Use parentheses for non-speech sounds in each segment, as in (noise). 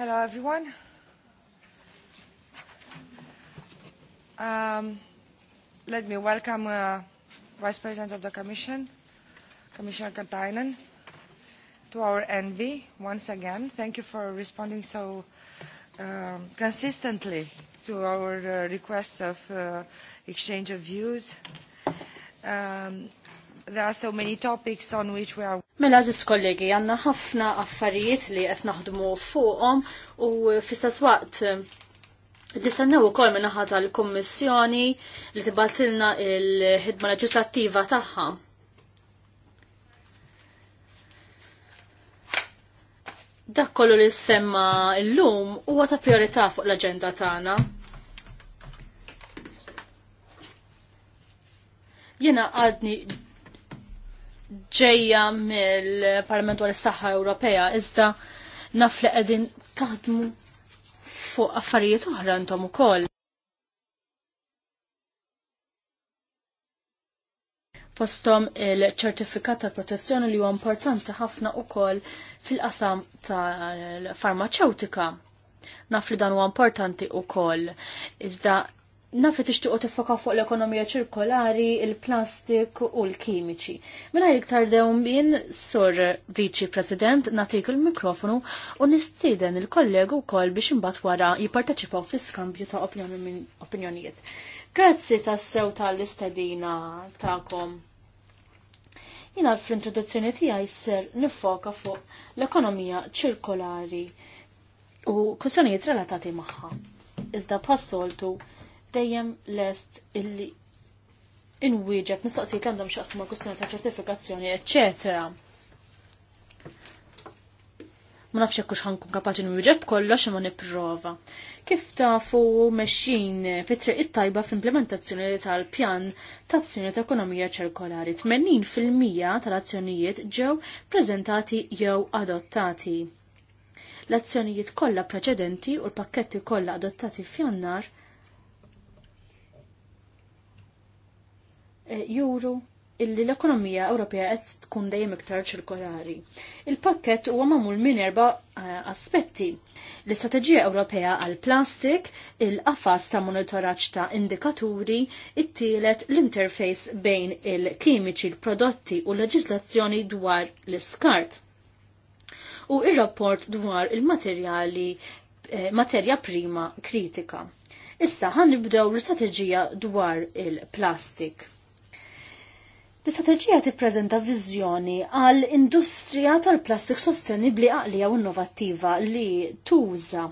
Hello, everyone. Um, let me welcome uh, Vice President of the Commission, Commissioner Katainen, to our envy once again. Thank you for responding so um, consistently to our uh, requests of uh, exchange of views. Um, there are so many topics on which we are Mela ziz kollegi, għanna ħafna affarijiet li qed naħdmu fuqhom u fl-istess waqt eh, nistennew ukoll minn naħa tal-Kummissjoni li tibatilna l ħidma leġislattiva tagħha. Dak kollu li semma llum huwa ta' priorità fuq l-aġenda tagħna. Jena għadni ġejja mill parlamentu għal saħħa Ewropea, iżda naf li qegħdin taħdmu fuq affarijiet oħra intom ukoll. Fostom il-ċertifikat ta' protezzjoni li huwa importanti ħafna ukoll fil-qasam tal-farmaceutika. Naf li dan huwa importanti ukoll. Iżda naf li tixtiequ tiffoka fuq l-ekonomija ċirkolari, il-plastik u l-kimiċi. jiktar iktar bin, sur Viċi President, natik il-mikrofonu u nistieden il-kollegu wkoll biex imbagħad wara jipparteċipaw fi-skambju ta' opinjonijiet. Grazzi tas-sew tal-istedina tagħkom. Jina fl-introduzzjoni tiegħi ser nifoka fuq l-ekonomija ċirkolari u kwistjonijiet relatati magħha. Iżda passoltu soltu dejjem lest illi inwieġeb mistoqsijiet għandhom x'qasmu kwistjoni ta' ċertifikazzjoni, eċetera. Ma nafx hekk ħankun kapaċi nwieġeb kollox ma nipprova. Kif tafu mexxin fit-triq it-tajba f'implementazzjoni tal-pjan tazzjoni ta' ekonomija ċirkolari. 80% tal-azzjonijiet ġew preżentati jew adottati. L-azzjonijiet kollha preċedenti u l-pakketti kollha adottati f'jannar Eh, juru illi l-ekonomija Ewropea qed tkun dejjem iktar ċirkolari. Il-pakket huwa magħmul minn erba eh, aspetti. L-istrateġija Ewropea għal plastik, il-qafas ta' monitoraġġ ta' indikaturi, it-tielet l-interface bejn il-kimiċi, l prodotti u l-leġislazzjoni dwar l-iskart. U ir-rapport dwar il-materjali eh, materja prima kritika. Issa ħan nibdew l-istrateġija dwar il-plastik L-istrateġija tippreżenta viżjoni għal industrija tal-plastik sostenibbli għalija u innovattiva li tuża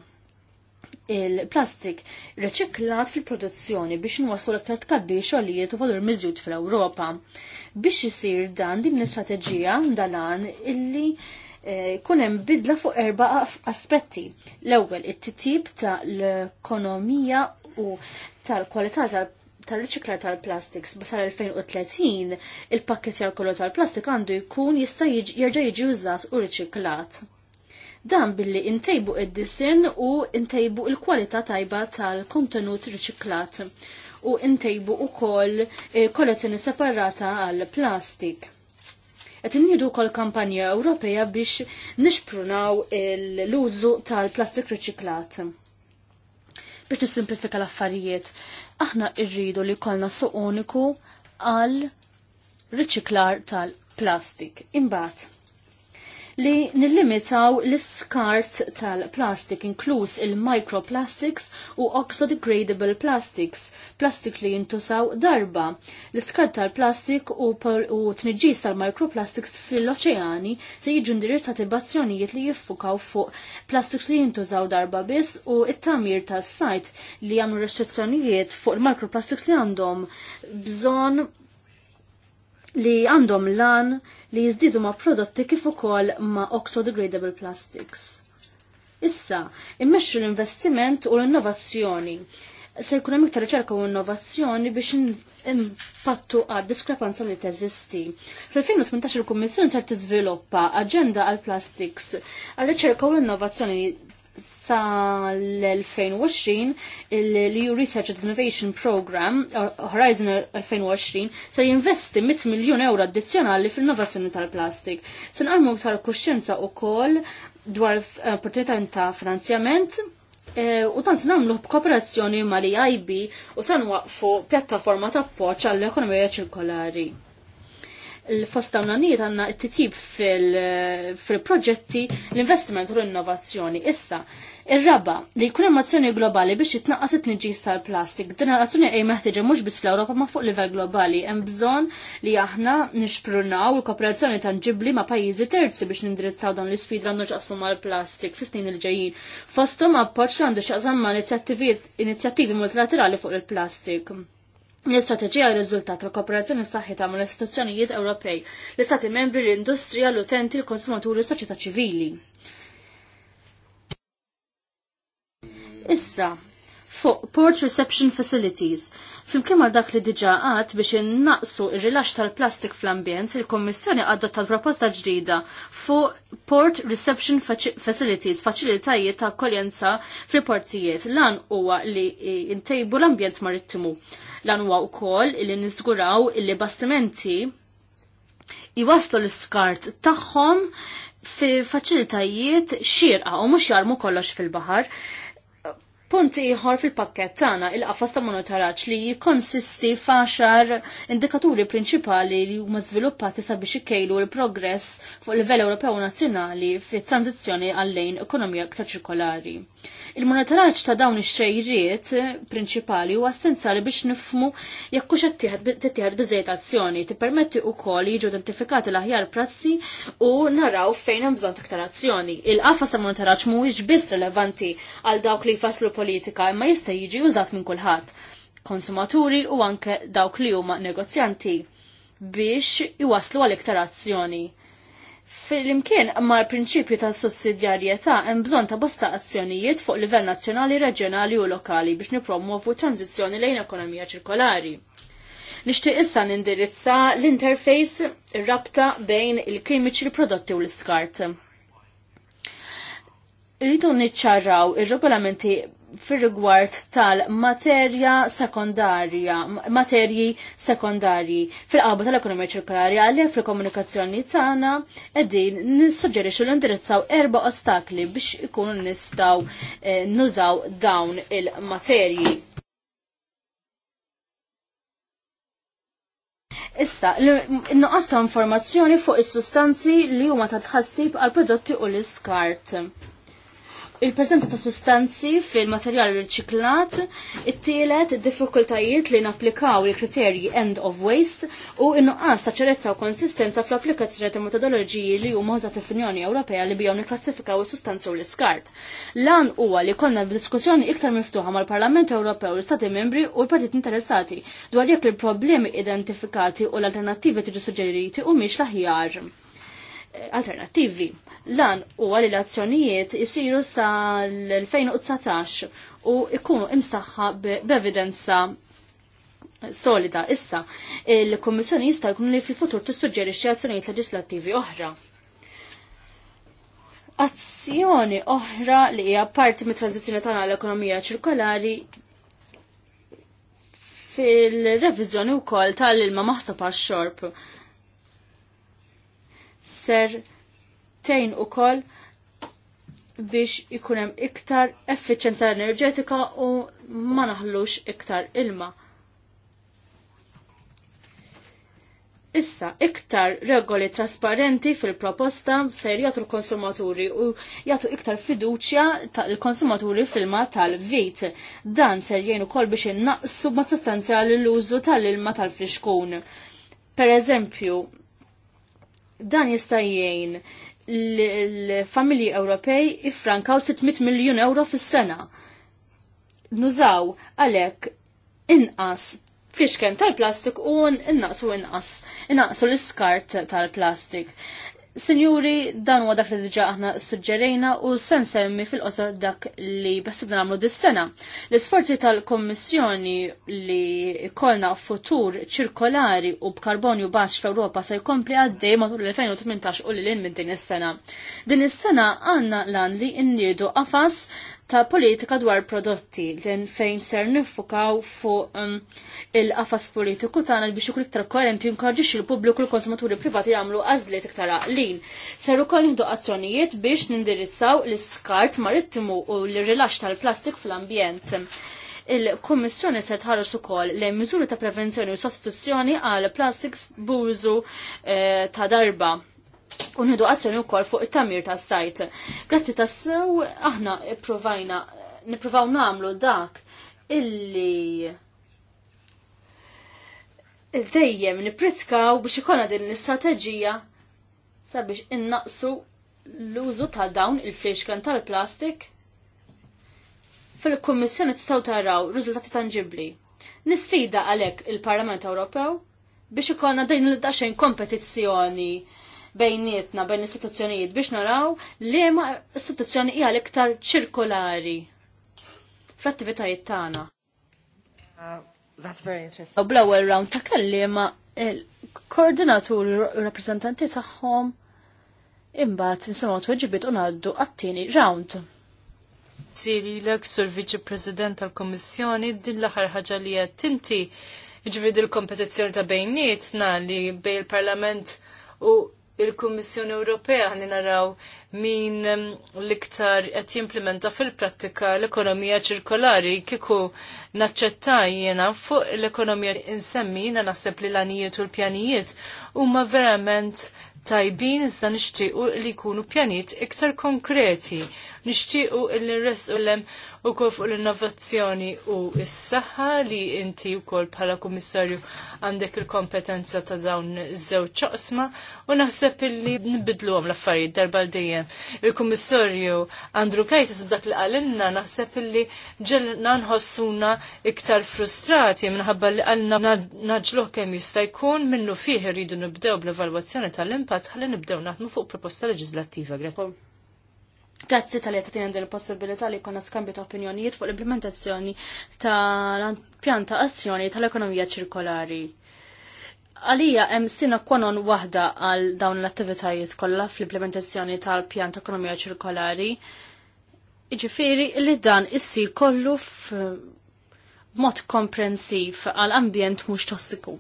il-plastik reċiklat fil-produzzjoni biex nwaslu l-aktar tkabbi xogħlijiet u valur miżjud fl-Ewropa. Biex isir dan din l-istrateġija dalan illi eh, kun hemm bidla fuq erba' aspetti. L-ewwel it-titjib tal-ekonomija u tal-kwalità tal tal-riċiklar tal-plastiks ba sal-2030 il pakket kollu tal-plastik għandu jkun jista' jerġa' jiġi użat u riċiklat. Dan billi intejbu id-disin u intejbu il-kwalità tajba tal-kontenut riċiklat u intejbu ukoll kollezzjoni separata għal-plastik qed nidu kol kampanja Ewropea biex nixprunaw l-użu tal-plastik riċiklat biex nisimplifika l-affarijiet. Aħna rridu li jkollna suq uniku għal riċiklar tal-plastik. Imbagħad li nillimitaw l-iskart tal-plastik, inkluż il-microplastics u oxodegradable plastics, plastik li jintużaw darba. l skart tal-plastik u, u t-nġis tal-microplastics fil-oċeani se jiġu indirizzati tibazzjonijiet li jiffukaw fuq plastiks li jintużaw darba biss u it-tamir tas-sajt li għamlu restrizzjonijiet fuq il-microplastics li għandhom bżon li għandhom lan li jizdidu ma' prodotti kif ukoll ma' oxodegradable plastics. Issa, immexxu l-investiment u l-innovazzjoni. Se jkun hemm iktar riċerka u innovazzjoni biex impattu għad diskrepanza li teżisti. Fl-2018 il-Kummissjoni ser tiżviluppa aġenda għal plastics għal riċerka u l-innovazzjoni sa l-2020 l-EU Research and Innovation Program uh, Horizon 2020 sa jinvesti 100 miljon euro addizzjonali fil-innovazzjoni tal-plastik. Se nqajmu iktar kuxjenza wkoll dwar uh, opportunità ta' finanzjament eh, u tant namlu b'kooperazzjoni li IB u san waqfu pjattaforma ta' appoċ għall-ekonomija ċirkolari. il fost dawnanijiet għanna t tib fil-proġetti l-investiment u l-innovazzjoni. Issa, Ir-raba li jkun hemm azzjoni globali biex jitnaqqas it tniġis tal-plastik. Din l-azzjoni hija meħtieġa mhux biss fl-Ewropa ma fuq livell globali. Hemm bżonn li aħna nixprunaw il-kooperazzjoni tanġibli ma' pajjiżi terzi biex nindirizzaw dawn l isfidra għandu x'qasmu mal-plastik fis-snin il-ġejjin. Fosthom appoġġ għandu x'aqsam ma' inizjattivi multilaterali fuq il-plastik. L-istrateġija riżultat tal kooperazzjoni ta' mal istituzzjonijiet Ewropej, l-Istati membri, l-industrija, l-utenti, l-konsumaturi, l-soċjetà ċivili. Issa, fuq Port Reception Facilities. Fil-kima dak li diġa għad biex innaqsu il rilax tal-plastik fl-ambjent, il-Kommissjoni għadda tal-proposta ġdida fuq Port Reception Facilities, faċilitajiet ta' koljenza fil-portijiet. Lan huwa li intejbu l-ambjent marittimu. Lan huwa wkoll li nisguraw li bastimenti jwaslu l-skart tagħhom fi faċilitajiet xirqa u mhux jarmu kollox fil-baħar. Punt ieħor fil-pakket tagħna il-qafas ta' monotaraċ li jikkonsisti f'għaxar indikaturi prinċipali li huma żviluppati sabiex ikkejlu l-progress fuq l-level Ewropew nazzjonali fit-tranzizzjoni għal lejn ekonomija aktar ċirkolari. Il-monitoraġġ ta' dawn ix-xejriet eh, prinċipali huwa essenzjali biex nifmu jekk hux qed tittieħed biżejjed azzjoni, tippermetti wkoll jiġu identifikati l-aħjar prazzi u naraw fejn hemm bżonn iktar azzjoni. Il-qafas ta' monitoraġġ mhuwiex biss rilevanti għal dawk li jfasslu politika imma jista' jiġi użat minn kulħadd konsumaturi u anke dawk li huma negozjanti biex iwaslu għal iktar azzjoni. Fil-imkien ma' l-prinċipju ta' sussidjarjetà hemm bżonn ta' bosta azzjonijiet fuq livell nazzjonali, reġjonali u lokali biex nipromuovu tranzizzjoni lejn ekonomija ċirkolari. Nixtieq issa nindirizza l-interface rabta bejn il-kimiċi prodotti u l-iskart. Rridu niċċarraw ir-regolamenti fir-rigward tal-materja sekondarja, materji sekondarji fil-qabba tal-ekonomija ċirkolari għalli fil-komunikazzjoni tagħna qegħdin nissuġġerixxu l-indirizzaw erba' ostakli biex ikunu nistgħu eh, nużaw dawn il-materji. Issa, nuqqas ta' informazzjoni fuq is-sustanzi li huma ta' tħassib għal prodotti u l-iskart il-prezenza ta' sustanzi fil-materjal riċiklat, it-tielet id-diffikultajiet li napplikaw il-kriterji end of waste u in-nuqqas ta' ċerezza u konsistenza fl-applikazzjoni ta' metodoloġiji li huma użat fl-Unjoni Ewropea li bihom nikklassifikaw is-sustanzi u l-iskart. Lan huwa li konna b'diskussjoni iktar miftuħa mal-Parlament Ewropew, l-Stati membri u l-partit interessati dwar jekk il-problemi identifikati u l-alternattivi tiġi suġġeriti u miex l-aħjar. Eh, alternattivi. Lan u għalli l-azzjonijiet jisiru sa l-2019 u ikunu imsaħħa b'evidenza solida. Issa, il-Kommissjoni jista' jkun li fil-futur tissuġġerixxi azzjonijiet leġislattivi oħra. Azzjoni oħra li hija parti mit-tranzizzjoni tagħna l-ekonomija ċirkolari fil-reviżjoni wkoll tal-ilma maħsab għax-xorb ser tejn u koll biex ikunem iktar effiċenza enerġetika u ma naħlux iktar ilma. Issa, iktar regoli trasparenti fil-proposta ser jagħtu l-konsumaturi u jagħtu iktar fiduċja tal-konsumaturi fil-ma tal-vit. Dan ser jenu kol biex innaqsu ma sostanzjali l-użu tal-ilma tal-fliskun. Per eżempju, Dan jista' jgħin l-familji Ewropej ifrankaw 600 miljun euro fis-sena. Nużaw għalhekk inqas fixken tal-plastik u u inqas, innaqsu l-iskart tal-plastik. Sinjuri, dan huwa dak li diġa aħna suġġerejna u sen semmi fil-qosor dak li bassibna nagħmlu dis-sena. L-isforzi tal-Kommissjoni li kolna futur ċirkolari u b'karbonju baxx f'Ewropa se jkompli għaddej matul l-2018 u lil minn din is-sena. Din is-sena għandna lan li nniedu qafas ta' politika dwar prodotti fejn fejn ser nifukaw fuq um, il-qafas politiku tagħna biex ikun iktar koerenti jinkorġix il-pubbliku l-konsumaturi privati jagħmlu għażliet iktar għaqlin. Ser ukoll nieħdu azzjonijiet biex nindirizzaw l-iskart marittimu u l-rilax tal-plastik fl-ambjent il-Kommissjoni se tħares ukoll lejn miżuri ta' prevenzjoni u sostituzzjoni għal plastik bużu eh, ta' darba unħidu u wkoll fuq it-tamir tas-sajt. Grazzi tas-sew aħna provajna, nippruvaw nagħmlu dak illi dejjem nipprizzkaw biex ikollna din l-istrateġija sabiex innaqsu l-użu ta' dawn il-fliexkan tal-plastik fil-Kommissjoni tistgħu taraw riżultati tanġibbli. Nisfida għalhekk il-Parlament Ewropew biex ikollna din l-daxxejn kompetizzjoni bejnietna bejn istituzzjonijiet biex naraw li ma istituzzjoni hija l-iktar ċirkolari fl-attivitajiet tagħna. U uh, bl-ewwel round ta' kelliema il-koordinatur rappreżentanti tagħhom imbagħad nisimgħu tweġibiet u ngħaddu għat-tieni round. Siri l sur Viċi President tal kummissjoni din l-aħħar ħaġa li qed tinti ġvid il-kompetizzjoni ta' bejnietna li bej il-Parlament u il-Kummissjoni Ewropea ħani naraw min l-iktar qed jimplementa fil-prattika l-ekonomija ċirkolari kieku naċċettaj jiena fuq l-ekonomija insemmi jiena naħseb li l-anijiet u l-pjanijiet huma verament tajbin iżda nixtiequ li jkunu pjanijiet iktar konkreti nixtiequ illi nresqu lem ukoll fuq l-innovazzjoni u s-saħħa li inti wkoll bħala kummissarju għandek il-kompetenza ta' dawn iż-żewġ ċoqsma u naħseb illi nbidluhom l-affarijiet darba l dejjem. Il-kummissarju Andru Kajtis b'dak li qalilna naħseb illi ġelna nħossuna iktar frustrati minħabba li għalna naġluħ kemm jista' jkun minnu fih rridu nibdew bl-evalwazzjoni tal-impatt ħalli nibdew naħdmu fuq proposta leġislattiva. Grazzi tal-li għatatina din il-possibilità li konna skambju ta' opinjonijiet fuq l-implementazzjoni tal ta' azzjoni tal-ekonomija ċirkolari. Għalija hemm sina kwanon waħda għal dawn l-attivitajiet kollha fl-implementazzjoni tal ta' ekonomija ċirkolari. Iġifiri, li dan issir kollu f'mod komprensiv għal ambjent mhux tossiku.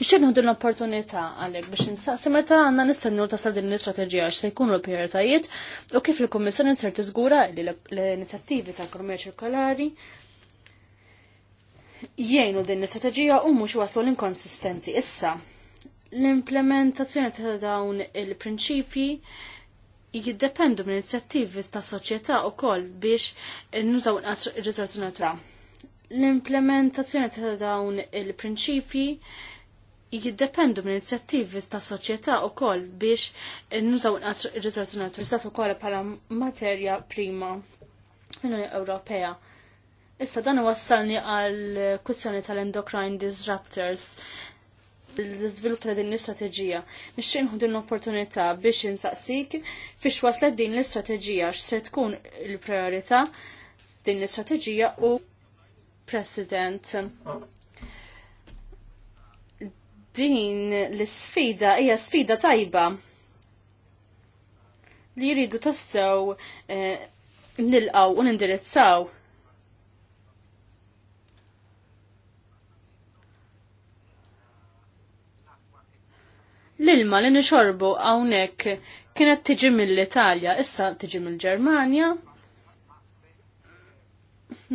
Biex din l-opportunità għalek biex nsaqsi meta għanna nistennu tasal din l-istrateġija għax se jkunu l-prijoritajiet u kif l-Kummissjoni ser tiżgura li l-inizjattivi tal-ekonomija ċirkolari jgħinu din l-istrateġija u mhux waslu l-inkonsistenti. Issa, l-implementazzjoni ta' dawn il-prinċipji jiddependu minn inizjattivi ta' soċjetà u kol biex nużaw il-risorsi naturali. L-implementazzjoni ta' dawn il-prinċipji jiddependu minn inizjattivi ta' soċjetà wkoll biex nużaw il-rizorsi naturali istat ukoll bħala materja prima fl-Unjoni Ewropea. Issa dan wassalni għal kwistjoni tal-endocrine disruptors l-izvilup ta' din l-istrateġija. Nixxin hu din l-opportunità biex insaqsik fiex waslet din l-istrateġija x'ser tkun il-priorità f'din l-istrateġija u President. Din l-sfida hija sfida tajba li jridu tassew eh, nilqaw u nindirizzaw. L-ilma li nixorbu għawnek kienet tiġi mill-Italja, issa tiġi mill-Germania.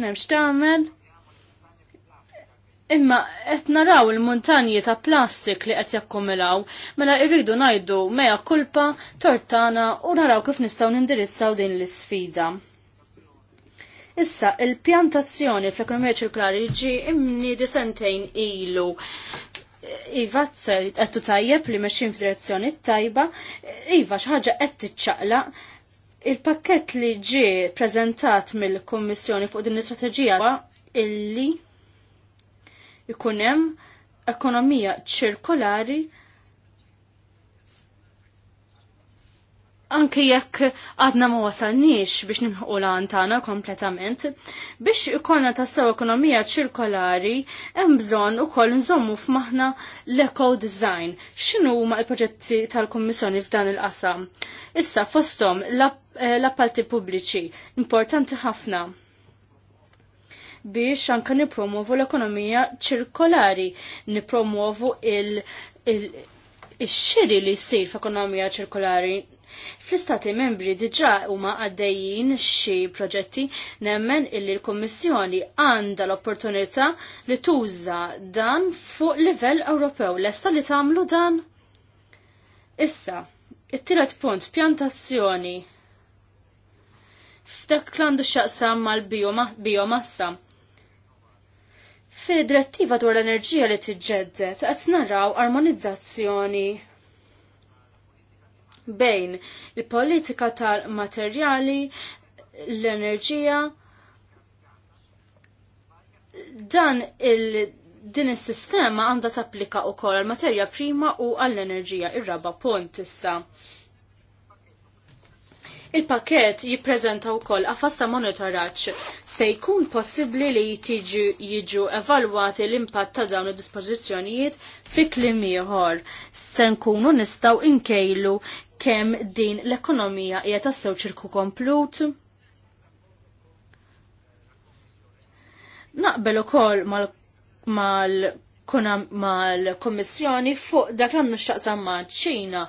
Nemx tamel. Imma qed naraw il-muntanji ta' plastik li qed jakkumilaw, mela irridu ngħidu meja kulpa tortana u naraw kif nistgħu nindirizzaw din l-isfida. Issa, il-pjantazzjoni fl-ekonomija ċirkulari ġi imni disentejn ilu. Iva qed tajjeb li mexxin f'direzzjoni tajba, iva xaħġa ħaġa qed tiċċaqlaq il-pakket li ġi prezentat mill kummissjoni fuq din l-istrateġija illi ikun hemm ekonomija ċirkolari anke jekk għadna ma wasalniex biex nimħu l-għantana kompletament, biex ikonna tassaw ekonomija ċirkolari, hemm bżonn ukoll nżommu f'maħna l-eco design. X'inhu huma l-proġetti tal-Kummissjoni f'dan il-qasam? Issa fosthom eh, l-appalti pubbliċi, importanti ħafna biex anka nipromovu l-ekonomija ċirkolari, nipromovu il-xiri li jsir f'ekonomija ċirkolari. Fl-istati membri diġa huma għaddejjin xi proġetti nemmen illi l-Kommissjoni għandha l-opportunità li tuża dan fuq livell Ewropew. Lesta li tagħmlu dan? Issa, it-tielet punt, pjantazzjoni. F'dak l-għandu xaqsam mal-biomassa. Fi direttiva dwar l-enerġija li tiġġedded qed naraw armonizzazzjoni bejn il-politika tal-materjali, l-enerġija, dan il- din is-sistema għandha tapplika wkoll għall materja prima u għall-enerġija ir-raba punt issa. Il-pakket jippreżenta wkoll qafas ta' monitoraġġ se jkun possibbli li tiġi jiġu evalwati l-impatt ta' dawn id-dispożizzjonijiet fi kliem ieħor. Se nkunu nistgħu inkejlu kemm din l-ekonomija hija tassew ċirku komplut. Naqbel ukoll mal kommissjoni fuq dak l-għandu xaqsam ma' ċina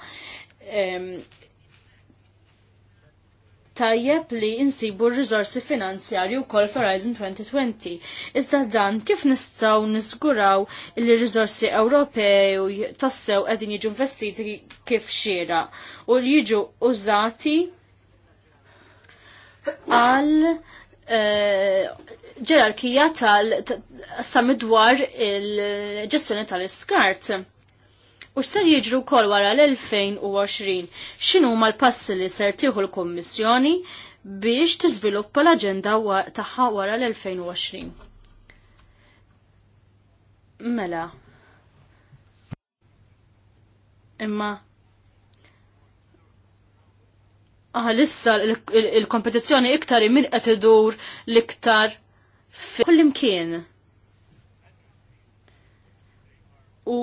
tajjeb li insibu r rizorsi finanzjarju wkoll f'Horizon 2020. Iżda dan kif nistgħu nisguraw li r rizorsi Ewropej tassew qegħdin jiġu investiti kif xira u li jiġu użati għal eh, ġerarkija tal-samidwar il-ġestjoni tal-iskart U ser jiġru wkoll wara l-2020? X'inhu ma l-passi li ser tieħu l-Kummissjoni biex tiżviluppa l-aġenda tagħha wara l-2020? Mela. Imma lissa l kompetizjoni iktar minn qed idur l-iktar fi kull imkien. U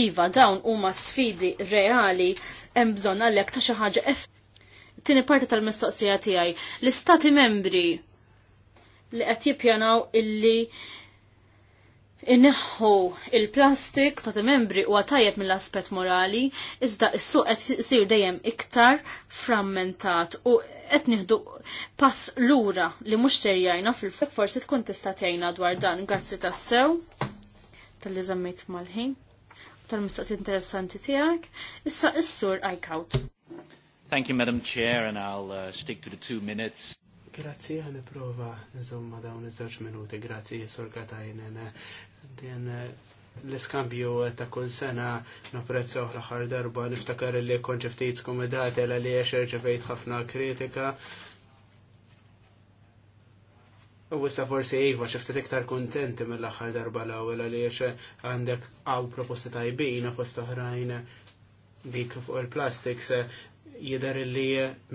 Iva, dawn huma sfidi reali hemm bżonn għalhekk ta' xi ħaġa eff. Tieni parti tal-mistoqsija tiegħi, l-istati membri li qed jippjanaw illi Inneħħu il-plastik ta' membri u għatajet mill-aspet morali, iżda s-suq għet isir dejjem iktar frammentat u qed nieħdu pass lura li mhux serjajna fil-fek forsi tkun tista' tgħinna dwar dan. Grazzi tassew tal-li mal-ħin tal-mistaqsi interessanti tiegħek. Issa issur iCout. Thank you, Madam Chair, and I'll uh, stick to the two minutes. Grazzi, għan prova nizomma dawn iż-żewġ minuti, grazzi, Sur Katajnen. Din uh, l-iskambju ta' kull sena napprezzaw l-ħar darba niftakar li konċeftit skomedati għal għaliex erġevejt ħafna kritika U wissa forsi Iva xifti iktar kontenti mill-axħar darba l-ewwel għaliex għandek għaw proposti tajbin fost oħrajn dik fuq il-plastics jidher li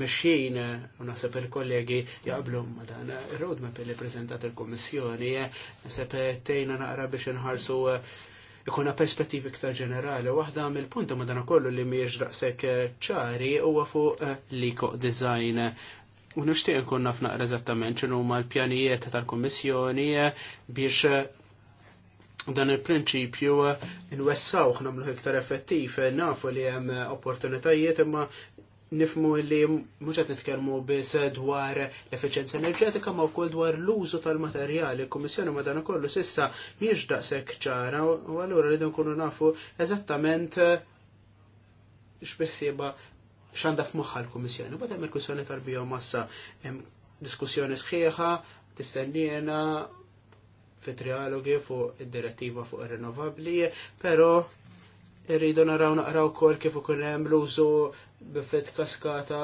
mexxin u naħseb il-kollegi jaqblu ma dan ir-roadmap li il-Kummissjoni naħseb tejna naqra biex inħarsu ikuna perspettivi iktar ġenerali. Waħda mill punta madana kollu li miex daqsek ċari huwa fuq l-eco design U nixtieq nkun naf naqra eżattament x'inhu huma l-pjanijiet tal-Kummissjoni biex eh, dan il-prinċipju eh, nwessawh nagħmlu iktar effettiv, nafu li hemm opportunitajiet imma nifmu li mhux qed nitkellmu biss dwar l-efficienza enerġetika ma wkoll dwar l-użu tal-materjali. Il-Kummissjoni ma dan ukollu sissa mhijiex daqshekk ċara u allura rridu nkunu nafu eżattament eh, x'biħsieba xanda f'moħħa l komissjoni Bata hemm il-kwissjoni tal massa hemm diskussjoni sħiħa tistennina fit trialogi fuq id-direttiva fuq ir-rinnovabbli, però irridu naraw naqraw kol kif ukoll hemm l-użu bifet kaskata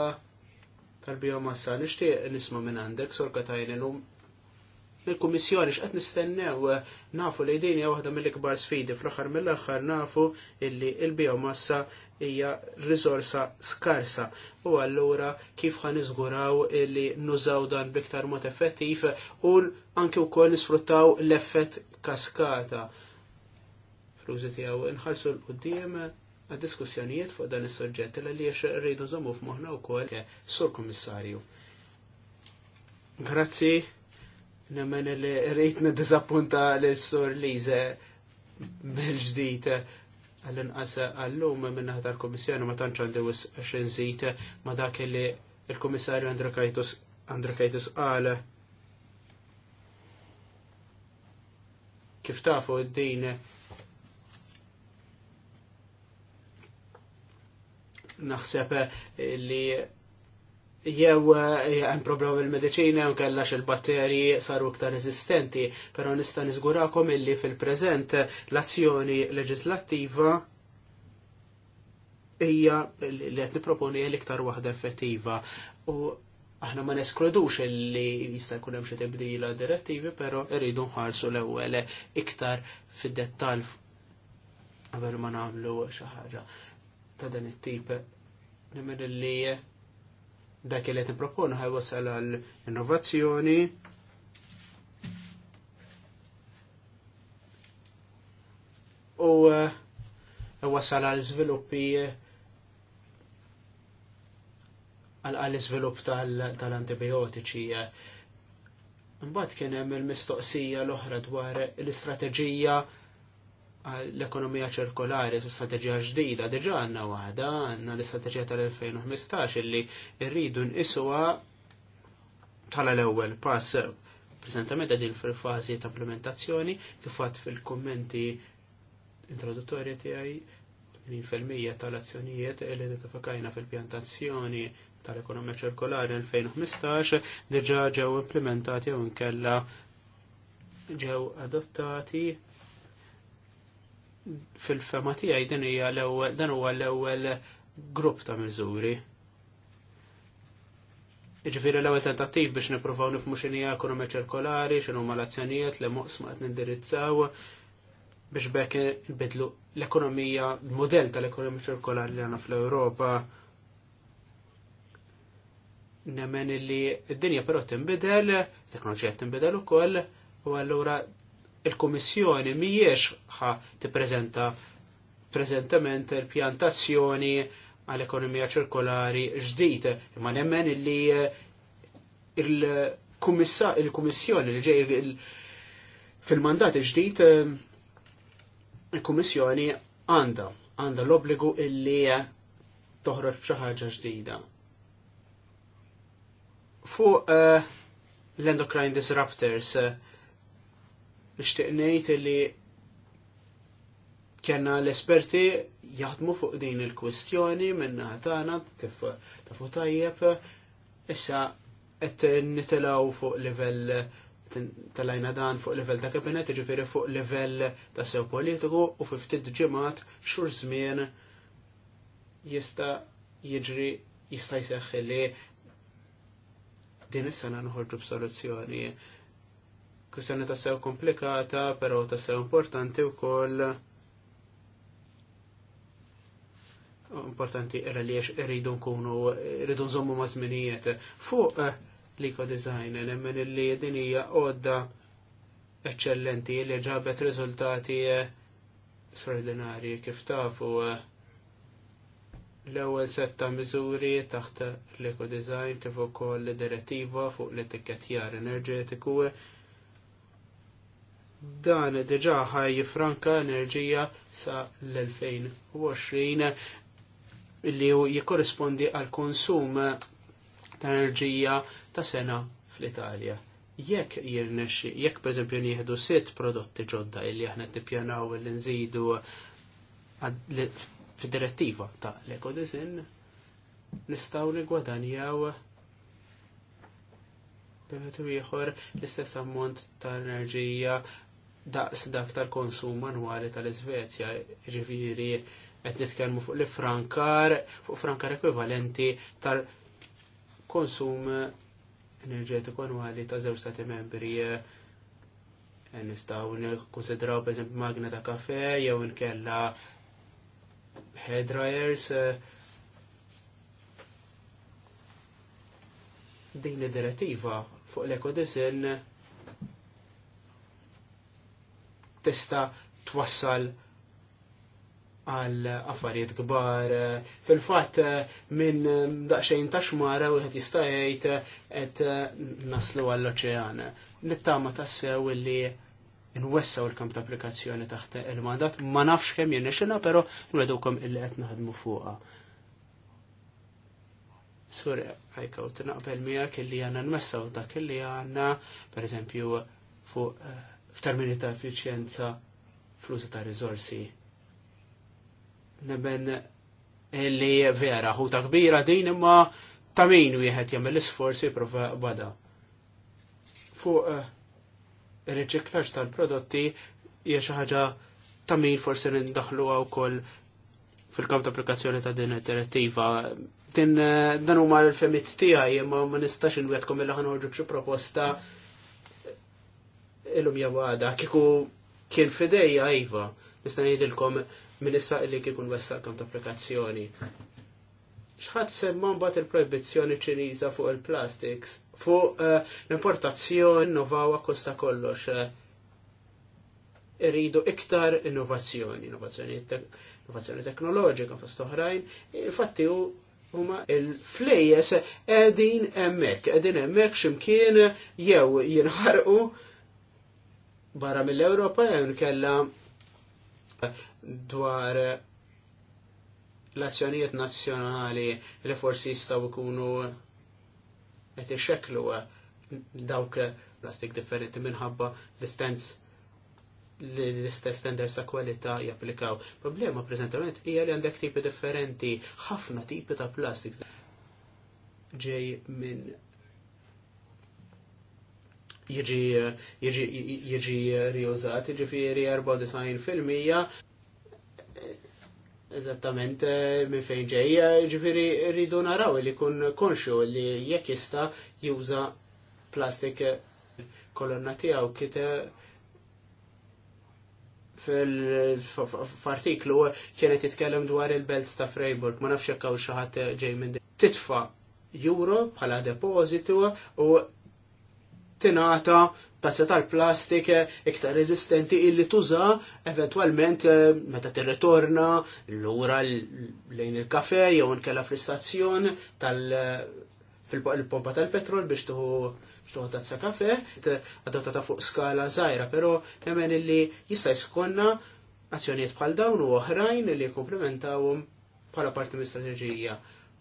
tal-biomassa. Nixtieq nisma' minn għandek sorka tajnilhom il-Kummissjoni x'qed nistennew nafu li din hija waħda mill-ikbar sfidi fl-aħħar mill-aħħar nafu illi il-biomassa hija risorsa skarsa u allura kif ħan iżguraw li nużaw dan biktar mod effettiv u anke wkoll nisfruttaw l-effett kaskata. Flużi tiegħu nħarsu l-qudiem għad-diskussjonijiet fuq dan is-soġġett li għaliex rridu nżommu f'moħħna wkoll sur Kummissarju. Grazzi, nemmen li rrid dizappunta l-sur Lize mill-ġdid għall-inqas għallum minna ħatar komissjoni ma tantx għandi wis xinżit ma dak li il-komissarju Andrakajtus Andrakajtus qal kif tafu din naħseb li jew eh, hemm problem mill medicina hemm kellax il-batterji saru iktar resistenti, però nista' niżgurakom illi fil-preżent l-azzjoni leġislattiva hija li qed nipproponi l-iktar waħda effettiva. U aħna ma neskludux illi jista' jkun hemm xi tibdila direttivi, però rridu nħarsu l-ewwel iktar fid-dettall qabel ma nagħmlu xi ħaġa ta' dan it-tip. Nimmer li dak li qed nipproponu ħajwassal għal innovazzjoni u eh, wasal għal żviluppi eh, għal iżvilupp tal-antibiotiċi. Eh. Mbagħad kien hemm il-mistoqsija l-oħra dwar l-istrateġija l-ekonomija ċirkolari u strateġija ġdida, diġa għanna waħda, għanna l-istrateġija tal-2015 illi rridu nqisuha tal l-ewwel pass preżentament din fil-fażi ta' implementazzjoni kif għad fil-kummenti introduttorji tiegħi 80% tal-azzjonijiet li identifikajna fil-pjantazzjoni tal-ekonomija ċirkolari 2015 diġa ġew implementati u nkella ġew adottati fil-fema tiegħi din hija l-ewwel dan huwa l-ewwel grupp ta' miżuri. Iġifieri l-ewwel tentattiv biex nippruvaw nifhmu x'inhija ekonomi ċirkolari, x'inhu l-azzjonijiet li moqsma qed nindirizzaw biex bekk nbidlu l-ekonomija, l-modell tal ekonomi ċirkolari li għandna fl-Ewropa. Nemmen li d-dinja però tinbidel, teknoloġija tinbidel ukoll, u allura il-Kummissjoni mhijiex ħa t-prezenta preżentament il-pjantazzjoni għall ekonomija ċirkolari ġdid, imma nemmen li eh, il-Kummissjoni li ġej fil-mandat ġdid eh, il-Kummissjoni għandha għandha l-obbligu illi eh, toħroġ b'xi ħaġa ġdida. Fuq l-endocrine disruptors, nixtieq ngħid li kena l-esperti jaħdmu fuq din il-kwistjoni minna tagħna kif fuq tajjeb issa qed nitilgħu fuq livell talajna dan fuq livell ta' kabinet, ġifiri fuq livell ta' sew politiku u fi ftit ġimgħat xhur żmien jista' jiġri jista' jseħħi li din is-sena noħorġu b'soluzzjoni kwestjoni ta' sew komplikata, però ta' sew importanti wkoll importanti era li rridu nkunu, rridu nżommu ma' żminijiet. Fuq eh, l-eco design, nemmen li din hija eccellenti li ġabet riżultati eh, straordinarji kif tafu eh, l-ewwel setta miżuri taħt l-eco design kif ukoll direttiva fuq l-etikettjar enerġetiku dan diġà ħaj jifranka enerġija sa l-2020 illi jikorrispondi għal konsum ta' enerġija ta' sena fl-Italja. Jekk jirnexxi, jekk pereżempju nieħdu sitt prodotti ġodda illi aħna tippjanaw li nżidu fid-direttiva ta' l-ekodizin, nistgħu nigwadanjaw bimetu ieħor l-istess ammont ta' enerġija daqs dak tal-konsum manwali tal-Svezja, ġifiri, qed nitkellmu fuq l-frankar, fuq frankar ekwivalenti tal-konsum enerġetiku annwali ta' żewġ stati membri e nistaw nikkonsidraw pereżempju magna ta' kafe jew nkella hair dryers. Din id-direttiva fuq l-ekodizin tista' twassal għal affarijiet kbar. Fil-fatt minn daqsxejn ta' xmara u jista' jgħid qed naslu għall-oċean. Nittama tassew li nwessaw il-kamp ta' applikazzjoni taħt il-mandat, ma nafx kemm jien nexxina, però nwedukom illi qed naħdmu fuqha. Sur ħajka u tinaqbel miegħek illi għandna nwessaw dak illi għandna, pereżempju fuq eh, f'termini ta' effiċjenza fl-użu ta' rizorsi. Neben eh, li vera hu ta' kbira din imma ta' min wieħed jagħmel l-isforzi prova bada. Fuq eh, ir tal-prodotti hija xi ħaġa ta' min forsi nindaħluha wkoll fil-kamp ta' applikazzjoni ta' din direttiva. Din eh, dan huma l-femit tiegħi imma ma nistax inwietkom illa ħanoġu b'xi proposta il-lum jawada, kiku kien fidejja Iva, nista' ngħidilkom minissa issa illi kikun wessalkom ta' applikazzjoni. Xħat semman bat il-proibizzjoni ċiniża fuq il-plastics, fuq eh, l-importazzjoni innovawa kosta kollox. Eh, Irridu iktar innovazzjoni, innovazzjoni teknoloġika fost oħrajn, infatti huma il-flejes edin emmek, edin emmek ximkien jew jinħarqu barra mill-Europa jew kella dwar l-azzjonijiet nazzjonali li forsi jistgħu jkunu qed ixxeklu dawk plastik differenti minħabba l-istens l-istess standards ta' kwalità japplikaw. Problema preżentament hija li għandek tipi differenti, ħafna tipi ta' plastik ġej minn jiġi riużat, design filmija. eżattament eh, minn fejn ġejja, ġifiri rridu naraw li kun konxu li jekk jista juża plastik kolonna tiegħu kite eh, fil-artiklu eh, kienet jitkellem dwar il-belt ta' Freiburg, ma nafx xaħat xi ħadd ġej minn titfa' euro bħala depositu u tingħata pezza tal-plastik iktar rezistenti illi tuża eventwalment eh, meta tirritorna lura lejn il-kafe jew nkella fl-istazzjon tal- fil-pompa tal-petrol biex tuħu xtuħu tuħu tazza kafe, eh, adottata fuq skala zaħira, pero nemmen illi jista' jskonna azzjoniet bħal dawn u oħrajn li komplementawhom bħala parti mill-istrateġija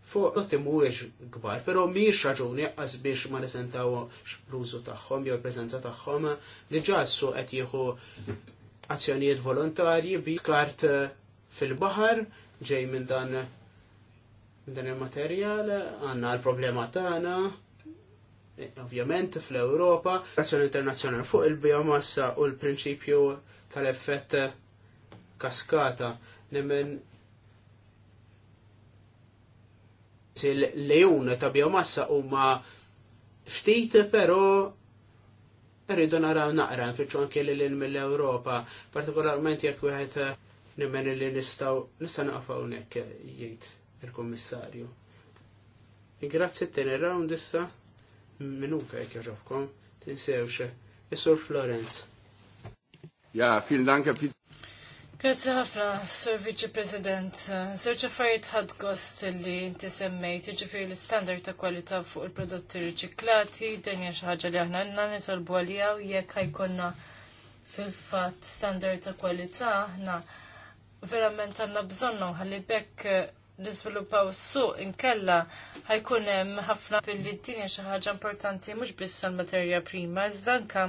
fuq lotti mhuwiex kbar, però mhijiex raġuni għaz biex ma nisentaw l-użu tagħhom jew l preżenza tagħhom diġà s qed jieħu azzjonijiet volontarji bi skart eh, fil-baħar ġej minn dan dan il-materjal għandna l-problema tagħna eh, ovvjament fl-Ewropa, l-azzjoni internazjonali fuq il-biomassa u l-prinċipju tal-effett kaskata nemmen il-lejun ta' biomassa huma ftit però rridu naraw naqra nfittxu anke l in mill-Ewropa, partikolarment jekk wieħed nimmen li nistgħu nista' naqaf hawnhekk jgħid il-Kummissarju. Grazzi t-tieni round issa minuta jekk irrobkom tinsewx. Is-Sur Florence. Ja, vielen Dank, Herr Grazie ħafna, Sir Vice President. Sir ċaffariet ħadd gost li inti semmejt, ġifiri l-standard ta' kwalità fuq il-prodotti riċiklati, dan hija xi ħaġa li aħna għandna nitolbu għalija u jekk ħajkonna fil-fatt standard ta' kwalità aħna verament għandna bżonnu ħalli bekk nisviluppaw s-suq inkella ħajkun hemm ħafna billi d-dinja xi ħaġa importanti mhux biss għall-materja prima, iżda anke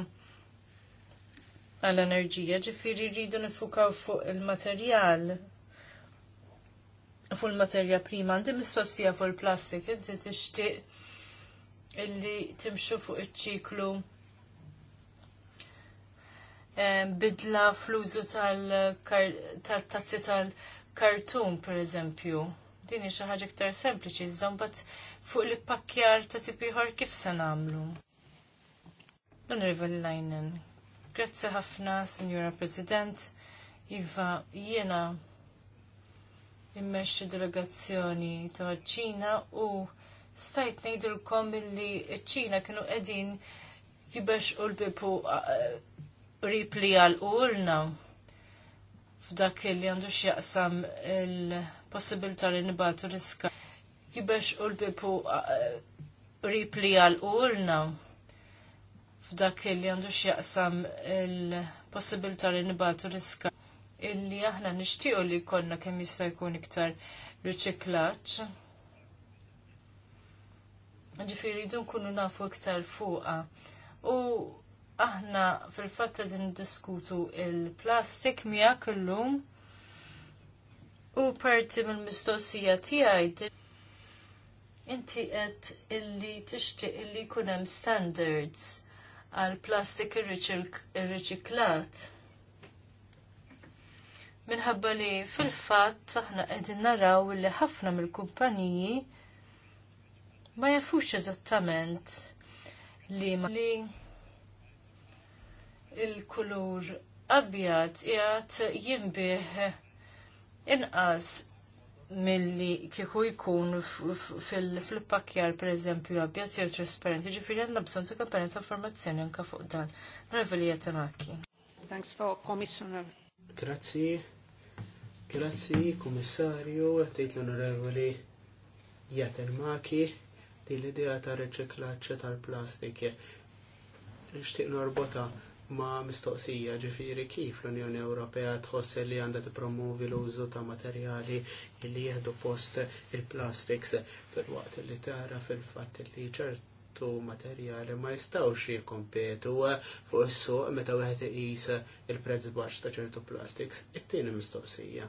għall-enerġija, ġifiri rridu nifukaw fuq il-materjal fuq il-materja prima, inti mistoqsija fuq il-plastik, inti tixtieq illi timxu fuq iċ-ċiklu eh, bidla fl-użu tal-tazzi tal-kartun, per eżempju. Din xi ħaġa iktar sempliċi, iżda fuq l-ippakjar ta' tipiħor kif se nagħmlu. l Grazzi ħafna, Signora President. Iva, jiena immexxi delegazzjoni ta' ċina u stajt ngħidulkom li ċ-Ċina kienu qegħdin u l-bibu eh, ripli għal l-na f'dak li għandu x'jaqsam il possibilta li nibatu riska u l-bibu eh, ripli għal l-na f'dak li għandu x'jaqsam il-possibilità li nibatu riska illi aħna nixtiequ li jkollna kemm jista' jkun iktar riċiklaġġ. Ġifieri jridu nkunu nafu iktar fuqha. U aħna fil-fatt qed niddiskutu il-plastik miegħek illum u parti mill-mistoqsija tiegħi inti qed illi tixtieq illi jkun hemm standards għal plastik irriċiklat. Minħabba li fil-fatt aħna qegħdin naraw li ħafna mill-kumpaniji ma jafux eżattament li ma li il-kulur abjad jgħat jinbih inqas milli kieku jkun fil-pakkjar per eżempju għabjat jew trasparenti, ġifiri għanna bżon ta' kampanja ta' formazzjoni anka fuq dan. Narveli jatanaki. Thanks for Commissioner. Grazzi, grazzi, Kommissarju, għatajt l-onorevoli Jatelmaki. Dil l-idea ta' reċiklaċċja tal-plastiki. Nixtieq norbota ma mistoqsija ġifiri kif l-Unjoni Ewropea tħoss li għandha tippromuvi l-użu ta' materjali li jieħdu post il-plastics fil-waqt li tara fil-fatt li ċertu materjali ma jistawx jikkompetu fuq is-suq meta wieħed iqis il-prezz baxx ta' ċertu plastics. It-tieni mistoqsija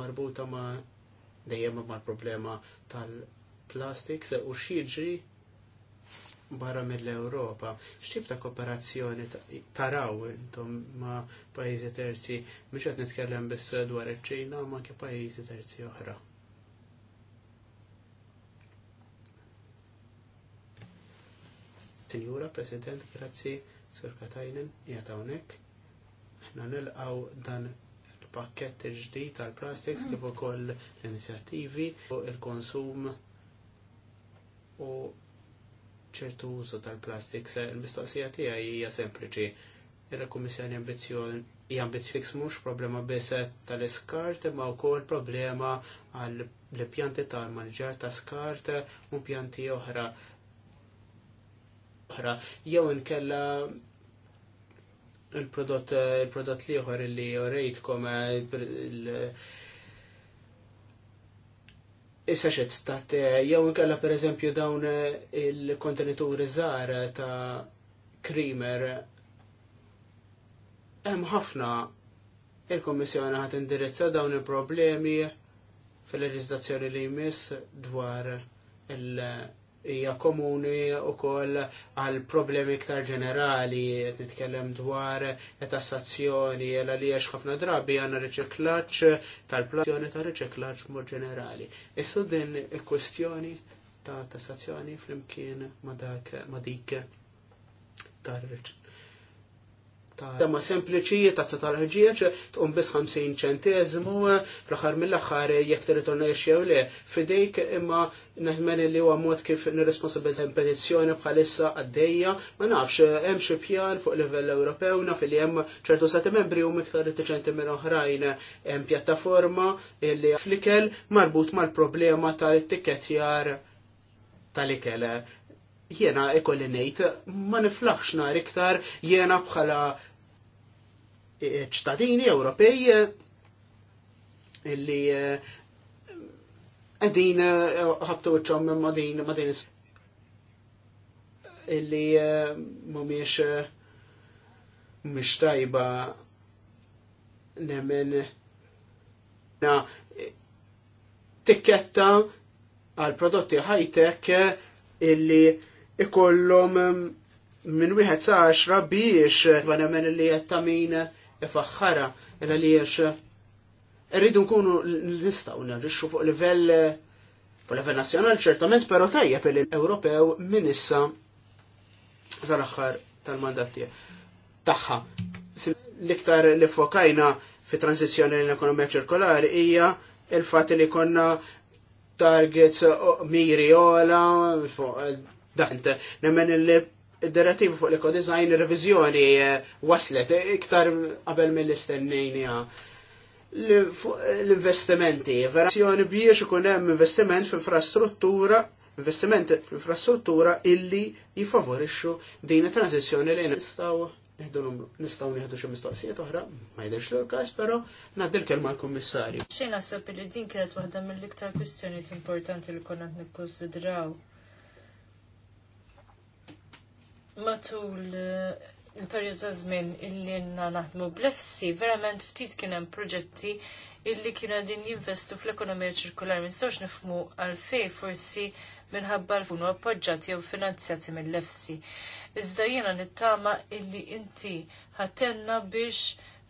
marbuta ma' dejjem mal problema tal-plastics u x'jiġri barra mill-Europa. X'tip ta' kooperazzjoni taraw intom ma' pajjiżi terzi, mhux qed nitkellem biss dwar iċ-Ċina ma' anke pajjiżi terzi oħra. Sinjura President, grazzi Sur Katajnen, jatawnek. hawnhekk. Aħna nilqgħu dan il-pakkett ġdid tal-plastics kif ukoll l-inizjattivi u il-konsum u ċertu użu tal-plastik. l mistoqsija tiegħi hija sempliċi. Ir-Kummissjoni ambizzjon hija ambizzfix mhux problema biss tal ma u wkoll problema għal pjanti tal-manġar ta' skart u pjanti oħra oħra. Jew inkella il-prodott il-prodott liħor li kome eh, il issa xed tat eh, jew inkella pereżempju dawn eh, il-kontenituri żgħar ta' krimer hemm ħafna il-Kommissjoni ħat indirizza dawn il-problemi fil-leġislazzjoni li jmiss dwar il- hija komuni wkoll għal problemi iktar ġenerali, nitkellem dwar tassazzjoni, li għaliex ħafna drabi għanna reċeklaċ tal-plazzjoni ta' reċeklaċ mod ġenerali. Issu din il-kwestjoni ta' tassazzjoni flimkien ma' dik ta' reċeklaċ ta' ma' sempliċi ta' sa' tal-ħġieċ tqum bis 50 ċentezmu fl ħar mill ħar jek t-ritorna jxew le fidejk imma neħmen li huwa mod kif nirresponsabil impedizjoni bħalissa għaddejja ma nafx hemm xi pjan fuq livell Ewropew naf li hemm ċertu stati membri hum iktar deċenti minn oħrajn hemm pjattaforma li flikel marbut mal-problema tal-tikketjar tal-ikel Jiena ikolli ngħid ma niflaħx nar iktar jiena bħala e, ċittadini Ewropej illi e, għedin e, ħabtu ċom ma' din illi mumiex mux tajba nemmen na tikketta għal prodotti high-tech illi ikollom ehm, minn wieħed sa għaxra biex vana eh, nemmen li jattamin tamin eh, ifaħħara illa li eh, rridu nkunu nistgħu nirrixxu fuq livell fuq livell nazjonal ċertament, però tajjeb il l-Ewropew minn issa sal-aħħar tal-mandat tiegħek tagħha. L-iktar li fokajna fi transizjoni l-ekonomija ċirkolari hija il fat li konna targets oh, miri ola daqnt. Nemmen il-direttiva fuq l-ekodizajn revizjoni eh, waslet eh, iktar qabel mill-istennejnija l-investimenti, verazzjoni biex ikun hemm investiment f'infrastruttura investiment fl-infrastruttura illi jifavorixxu din it-tranzizzjoni li nistgħu Nihdu nistaw nieħdu xi mistoqsijiet oħra, ma jidhirx l-każ, però ngħaddi l-kelma l-Kummissarju. Xejn naħseb li din kienet waħda mill-iktar kwistjonijiet importanti li konna nikkonsidraw matul eh, il periodu ta' żmien illi jenna naħdmu blefsi, verament ftit kien hemm proġetti illi kienu għadin jinvestu fl-ekonomija ċirkolari nistgħux nifhmu għalfej forsi minħabba l-funu appoġġati jew finanzjati mill-lefsi. Iżda jiena nittama illi inti ħatenna biex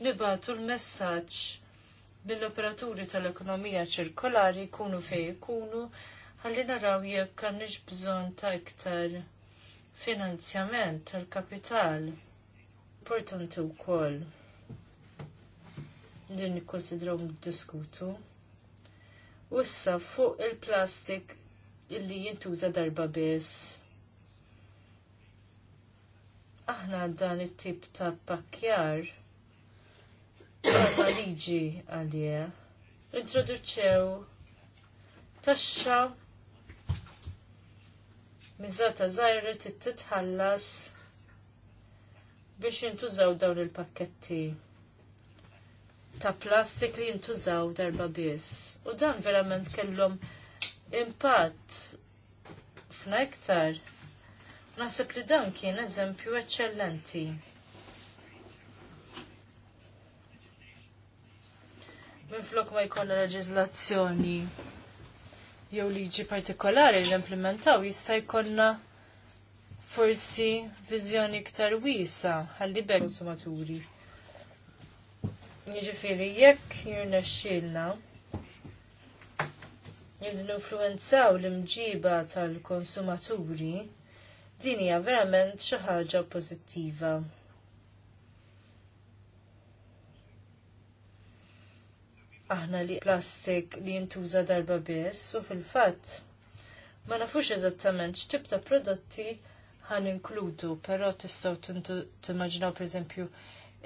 nibatu l-messaġġ lill-operaturi tal-ekonomija ċirkolari jkunu fejn ikunu ħalli naraw jekk għandix bżonn ta' iktar finanzjament tal-kapital importanti wkoll li nikkonsidraw diskutu. U issa fuq il-plastik li jintuża darba biss. Aħna dan it-tip ta' pakjar għanna (coughs) liġi għalija. Introduċew taxxa miżata żgħira trid titħallas biex jintużaw dawn il-pakketti ta' plastik li jintużaw darba biss. U dan verament kellhom impatt fna iktar. Naħseb li dan kien eżempju eċċellenti. Minflok ma jkollha leġislazzjoni jew liġi partikolari li implementaw jista' jkollna forsi viżjoni iktar wiesa ħalli bekk konsumaturi. Jiġifieri jekk jirnexxielna li influenzaw l-imġiba tal-konsumaturi, din hija verament xi ħaġa pożittiva. aħna li plastik li jintuża darba biss u fil-fatt ma nafux eżattament x'tip ta' prodotti ħan inkludu, però tistgħu timmaġinaw pereżempju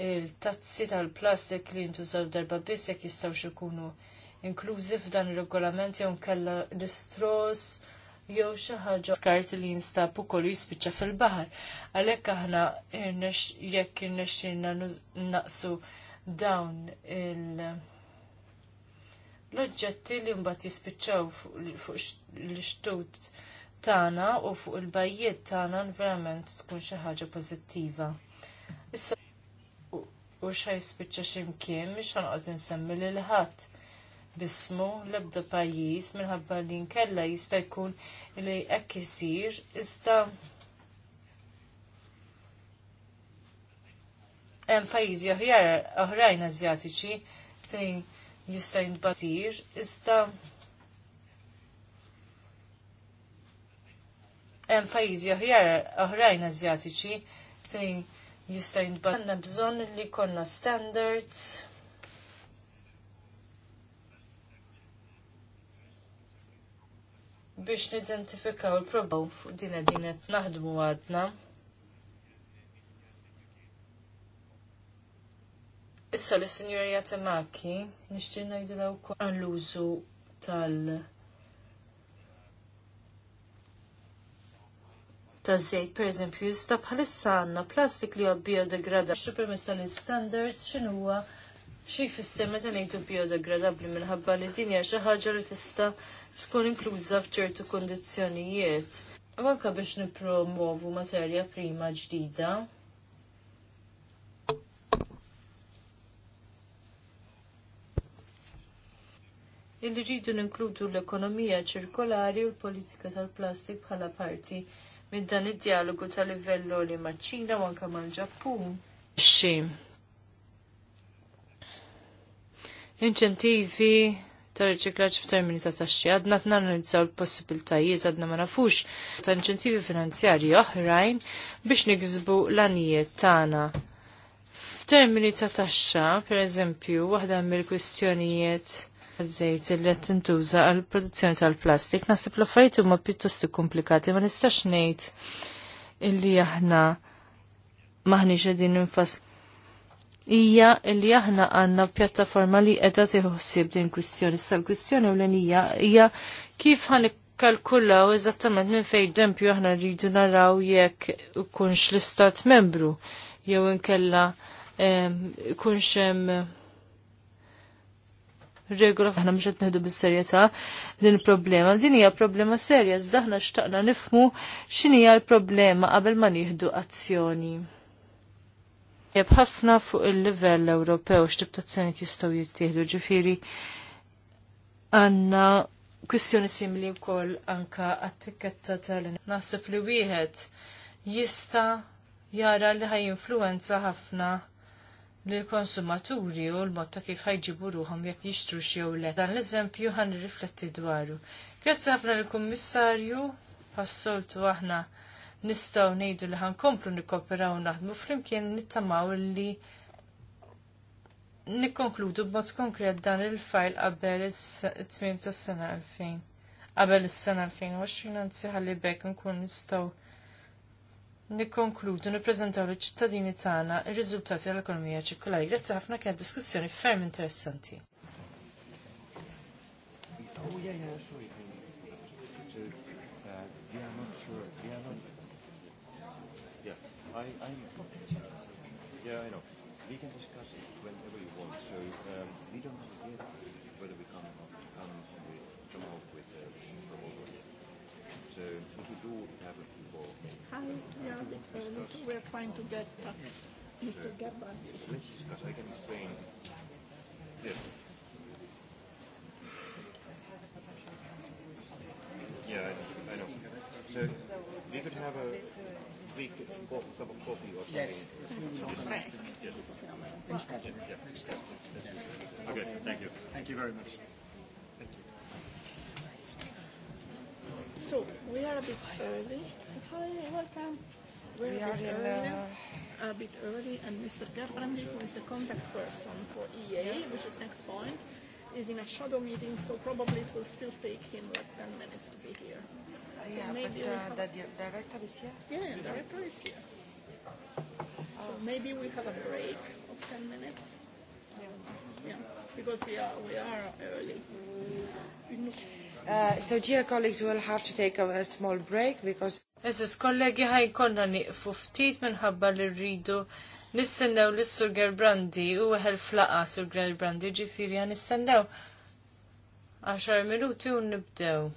il-tazzi tal-plastik li jintużaw darba biss jekk jistgħux ikunu inklużi f'dan ir-regolament jew nkella distros jew xi ħaġa skart li jinstab ukoll jispiċċa fil-baħar. Għalhekk aħna jekk irnexxielna naqsu dawn il- l-oġġetti li mbagħad jispiċċaw fuq l-xtut tagħna u fuq il-bajjiet tagħna verament tkun xi ħaġa pożittiva. Issa u xa jispiċċa x'imkien biex ħanqod insemmi lil ħadd bismu l-ebda pajjiż minħabba li nkella jista' jkun li hekk isir iżda hemm pajjiżi oħrajn Azjatiċi fejn jista' jintbasir, iżda hemm pajjiżi oħjar oħrajn Azjatiċi fejn jista' jintbasir. Għandna bżonn li jkollna standards biex nidentifikaw il-probaw fuq din qed naħdmu għadna. Issa li sinjura Jatemaki, nixtieq ngħidilha kwa għall-użu tal taż per pereżempju jista' bħalissa għandna plastik li huwa biodegrada. Xi permess tal-standards x'inhuwa xi jfisser meta ngħidu biodegradabbli minħabba li dinja hija xi ħaġa li tista' tkun inkluża f'ċertu kundizzjonijiet. Anke biex nippromovu materja prima ġdida illi rridu ninkludu l-ekonomija ċirkolari u l-politika tal-plastik bħala parti minn dan id-dialogu tal-livello li maċ-Ċina u anke mal-Ġappun. Xi. Inċentivi ta' riċiklaġġ f'termini ta' taxxi għadna t-nanalizzaw l-possibiltajiet għadna ma nafux ta' inċentivi finanzjarji oħrajn biex nikzbu l-anijiet tagħna. F'termini ta' taxxa, per eżempju, waħda mill-kwistjonijiet żejt il qed tintuża għal produzzjoni tal-plastik. Naħseb l-affarijiet huma pjuttost komplikati ma nistax ngħid illi aħna maħniex qegħdin infasl hija illi aħna għandna pjattaforma li qiegħda tiħossib din kwistjoni. Issa l-kwistjoni ewlenija hija kif ħan kalkulaw eżattament minn fejn dempju aħna rridu naraw jekk ikunx l-istat membru jew inkella ikunx hemm regola f'ħna mhux qed neħdu bis-serjetà din il-problema. Din hija problema serja iżda aħna xtaqna nifmu x'inhi hija l-problema qabel ma nieħdu azzjoni. Jeb ħafna fuq il-livell Ewropew x'tib ta' azzjoni jistgħu jittieħdu ġifieri għandna kwistjoni simili wkoll anka għat-tikketta tal Naħseb li wieħed jista' jara li ħaj influenza ħafna l-konsumaturi u l-mod ta' kif ħajġibu ruhom jekk jishtru xew le. Dan l-eżempju ħan rifletti dwaru. Grazzi ħafna l-Kummissarju, passoltu aħna nistaw nejdu li ħankomplu nikoperaw naħdmu flimkien nittamaw li nikkonkludu b'mod konkret dan il-fajl qabel it-tmim tas-sena 2000. Qabel is-sena 2020 għanzi ħalli bekk nkun nistgħu nikkonkludu nippreżentaw liċ-ċittadini tagħna r-riżultati tal-ekonomija ċirkolari. Grazzi ħafna kien diskussjoni ferm interessanti. So, we can discuss it whenever you want. So um, we don't whether we come up, come, come up with a proposal yet. So we do have a Hi, yeah, because we're trying to get uh, Mr. Gebhardt. Let's discuss. I can explain. Yes. Yeah, I know. So we could have a brief cup of coffee or something. yes. Okay, thank you. Thank you very much. So, we are a bit early. Hi, welcome. We're we a bit early. Uh, a bit early, and Mr. Gerbrandi, who is the contact person for e EA, which is next point, is in a shadow meeting, so probably it will still take him like 10 minutes to be here. Uh, so yeah, maybe but uh, the di director is here? Yeah, the director is here. So ah. maybe we have a break of 10 minutes. Yeah, yeah because we are, we are early. Mm. Uh, so dear colleagues, we'll have to take a, a small break because... Eżis kollegi konna niqfu ftit minħabba li rridu nistennew li sur Gerbrandi u għel flaqa sur Gerbrandi ġifiri għan nistennew. 10 minuti u nibdew.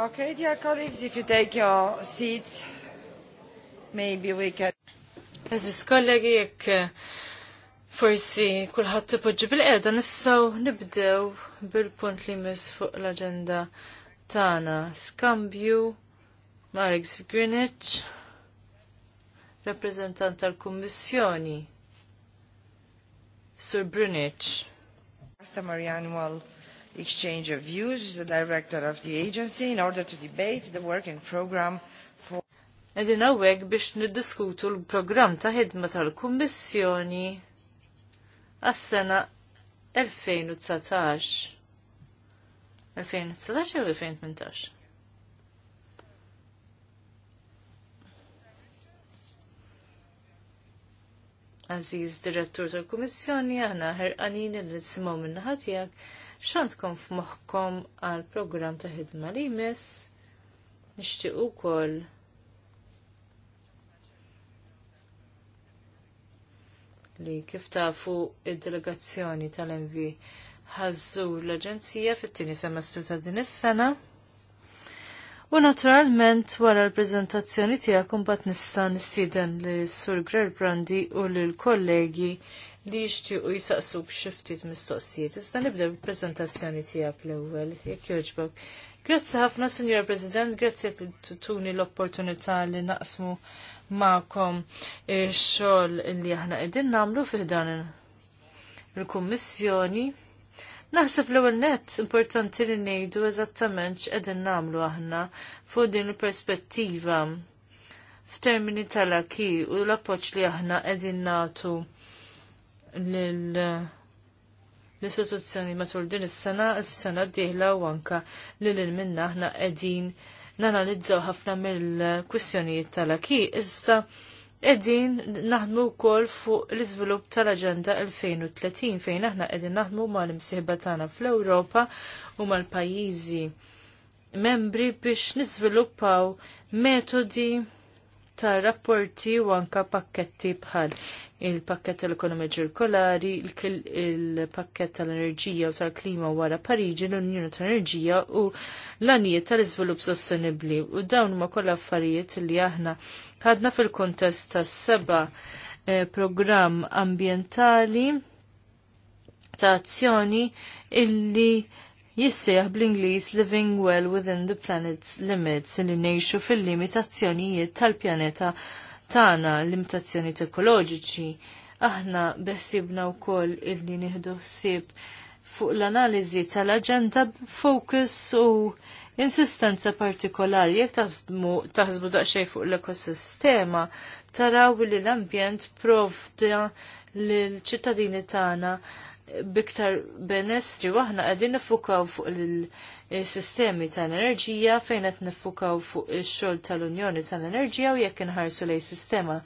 Okay, dear colleagues, if you take your seats, maybe we can... Eżis kollegi, jekk eh, forsi kullħat tipoġġi bil-qeda, nissaw nibdew bil-punt li mis fuq l-agenda tana. Skambju, Marek Zvigrinic, rappresentant tal kommissjoni Sur Brunic. Asta Marianne Wolf exchange of views with the director of the agency in order to debate the working program for Edin għawek biex niddiskutu l-program ta' ħidma tal-Kummissjoni għas-sena 2019. 2019 u 2018. Aziz direttur tal-Kummissjoni, aħna ħerqanin li nisimaw minna ħatijak x'għandkom f'moħħkom għal programm ta' ħidma li jmiss nixtieq ukoll li kif tafu id-delegazzjoni tal-MV ħazzu l-Aġenzija fit-tieni semestru ta' din is-sena. U naturalment wara l-prezentazzjoni tiegħek imbagħad nista' nistieden li Sur Brandi u lill kollegi li jixtiequ jisaqsu b'xiftit mistoqsijiet. Iżda nibda bil tija tiegħek l-ewwel, jekk jogħġbok. Grazzi ħafna, Signora President, grazzi qed tuni l-opportunità li naqsmu ma'kom xol xogħol li aħna qegħdin nagħmlu fih dan il-Kummissjoni. Naħseb l-ewwel nett importanti li ngħidu eżattament x'qegħdin nagħmlu aħna fuq din il-perspettiva f'termini tal-aki u l-appoġġ li aħna qegħdin nagħtu l-istituzzjoni matul din is-sena f-sena d u anka li l-minna ħna qegħdin nanalizzaw ħafna mill-kwistjonijiet tal-aki iżda qegħdin naħdmu wkoll fuq l-iżvilupp tal-Aġenda 2030 fejn aħna qegħdin naħdmu mal-imsieħba tagħna fl-Ewropa u mal-pajjiżi membri biex niżviluppaw metodi ta' rapporti u anka pakketti bħal il-pakket tal-ekonomija ċirkolari, il-pakket tal-enerġija u tal-klima wara Pariġi, l-Unjoni tal-Enerġija u l-anijiet tal-iżvilupp sostenibbli. U dawn huma kollha affarijiet li aħna ħadna fil-kontest tas seba eh, programm ambjentali ta' azzjoni illi jissieħ bl-Ingliż Living Well Within the Planet's Limits li ngħixu fil-limitazzjonijiet tal-pjaneta tagħna, limitazzjonijiet ekoloġiċi. Aħna beħsibna wkoll illi nieħdu ħsieb fuq l-analiżi tal-aġenda focus u insistenza partikolari jekk taħsbu taħsbu daqsxejn fuq l-ekosistema taraw li l-ambjent provda l-ċittadini tagħna biktar benestri waħna għadin nifukaw fuq il-sistemi tal-enerġija fejn qed nifukaw fuq ix-xogħol tal-Unjoni tal-Enerġija u jekk inħarsu lej sistema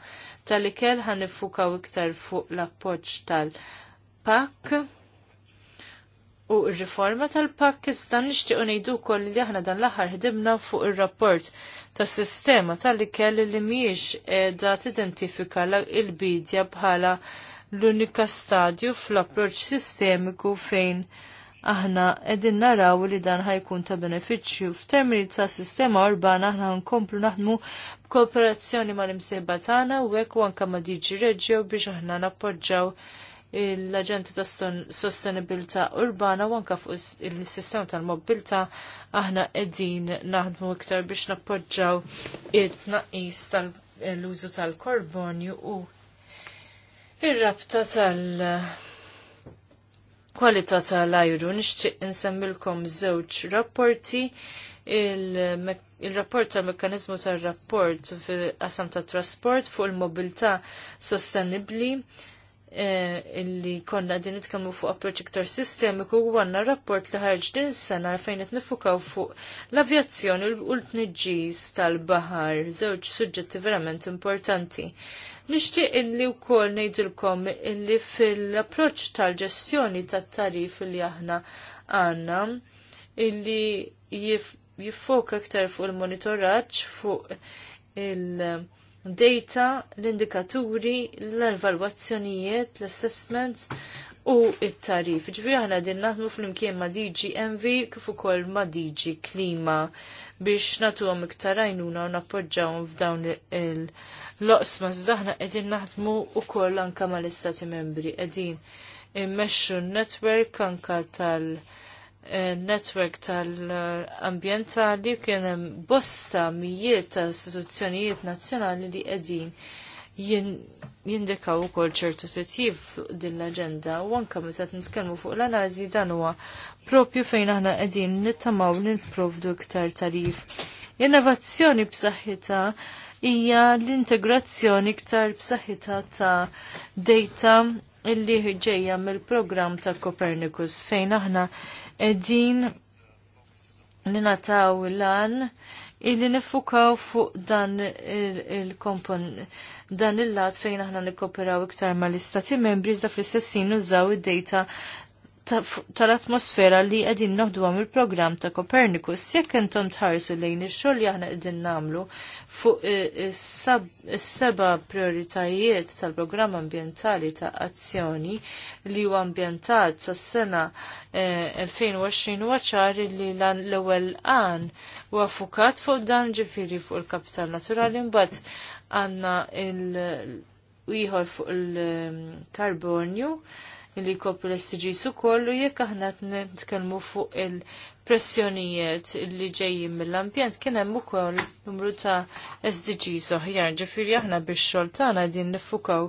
tal-ikel ħan nifukaw iktar fuq l-appoġġ tal-PAK u r-riforma tal-PAK iżda nixtiequ ngħidu wkoll li aħna dan l-aħħar ħdibna fuq ir-rapport tas-sistema tal-ikel li mhijiex qiegħda tidentifika l-bidja bħala l-unika stadju fl-approċ sistemiku fejn aħna edin naraw li dan ħajkun ta' beneficju. F'termini ta' sistema urbana aħna nkomplu naħdmu b'kooperazzjoni ma' l-imsejba tagħna u hekk anke ma' diġi reġġew biex aħna nappoġġaw l-Aġenti ta' Sostenibilità Urbana u anke fuq il-sistema tal-mobilità aħna qegħdin naħdmu iktar biex nappoġġaw it-tnaqqis tal-użu tal-korbonju u Ir-rabta tal kwalità tal-ajru nixtieq insemmilkom żewġ rapporti il-rapport il tal-mekkanizmu tal-rapport fil-qasam ta' trasport fuq il-mobilità sostenibli eh, illi konna din nitkellmu fuq approach sistemiku u għanna rapport li ħarġ din is-sena fejn qed nifukaw fuq l-avjazzjoni u l-tniġġis tal-baħar, żewġ suġġetti verament importanti. Nixtieq illi wkoll ngħidilkom illi fil-approċċ tal-ġestjoni tat-tarif li aħna għandna illi jiffoka aktar fuq il-monitoraġġ fuq il-data, l-indikaturi, l evaluazzjonijiet l-assessments u il tarif Ġviri ħana din naħdmu fl-imkien ma' DG Envy kif ukoll ma' DG Klima biex natu għom iktar għajnuna u nappoġġawhom f'dawn il- loqsma zdaħna qegħdin naħdmu wkoll anke mal-Istati Membri qegħdin immexxu n-netwerk anke tal eh, netwerk tal-ambientali kien hemm bosta mijiet ta' istituzzjonijiet nazzjonali li qegħdin jindikaw ukoll ċertu titjib fuq din l-aġenda u anke meta nitkellmu fuq l-analiżi dan huwa propju fejn aħna qegħdin nittamaw li nipprovdu iktar tarif. Innovazzjoni b'saħħitha hija l-integrazzjoni iktar b'saħħitha ta' data illi ġejja mill-programm ta' Copernicus fejn aħna qegħdin li nataw lan illi nifukaw fuq dan il-kompon dan il-lat fejn aħna nikkoperaw iktar mal istati membri iżda fl-istessin nużaw id-data tal-atmosfera li għedin noħdu għam il-program ta' Copernicus, jekk intom tħarsu lejn il-xol li għana għedin namlu fuq eh, is-seba prioritajiet tal-program ambientali ta' azzjoni li huwa ambientat sa' sena 2020 waċar li l-ewel għan u għafukat fuq dan ġifiri fuq il-kapital naturali mbatt għanna il-ujħor fuq il-karbonju. il eh, karbonju li kopri l-STGs ukoll u jekk aħna nitkellmu fuq il-pressjonijiet li ġejjin mill-ambjent kien hemm ukoll numru ta' SDGs oħjar, ġifieri aħna biex xogħol tagħna din nifukaw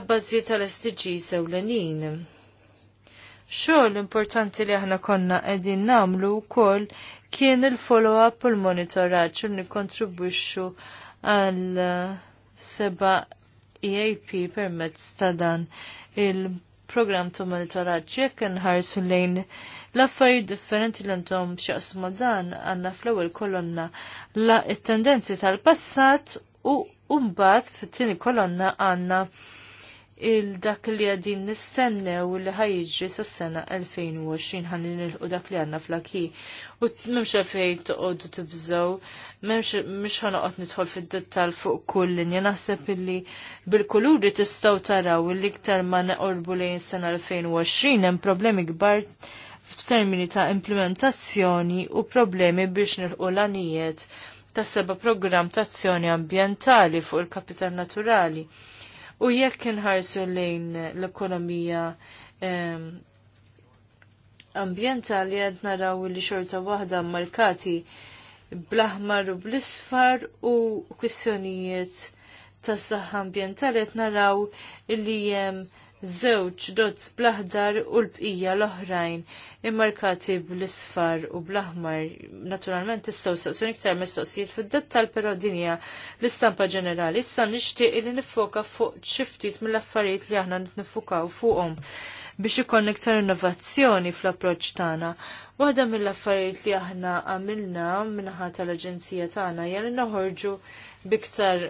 abbażijiet tal sdg sewlenin. Xogħol importanti li aħna konna qegħdin nagħmlu wkoll kien il-follow-up u l-monitoraġġ u nikkontribwixxu għal seba' EAP permezz ta' dan il- program ta' monitoraġġ jekk inħarsu lejn l-affarijiet differenti li għandhom x'jaqsmu dan għandna fl-ewwel kolonna la it tendenzi tal-passat u mbagħad fit-tieni kolonna għandna il-dak li għadin nistennew li ħajġi s-sena 2020 nil nilħu dak li għanna flaki. U memx għoddu t tibżaw, memx mx ħanoqot nidħol fil-dettal fuq kull linja. Naħseb li bil-kuluri tistaw taraw li iktar ma neqorbu lejn sena 2020 hemm problemi kbar f'termini ta' implementazzjoni u problemi biex nilħu l-anijiet ta' seba program ta' azzjoni ambientali fuq il-kapital naturali U jekk inħarsu lejn l-ekonomija ambientali għed naraw li xorta wahda markati blaħmar u bl-isfar u kwistjonijiet tas saħħa ambjentali qed naraw li hemm żewġ dozz bl-aħdar u l-bqija l-oħrajn immarkati bl-isfar u bl-aħmar. Naturalment tistgħu saqsun iktar mistoqsijiet fid-dettal però dinja l-istampa ġenerali. Issa nixtieq li nifoka fuq xi ftit mill-affarijiet li aħna nifukaw fuqhom biex ikon iktar innovazzjoni fl-approċ tagħna. Waħda mill-affarijiet li aħna għamilna minnaħa tal-Aġenzija tagħna hija li noħorġu biktar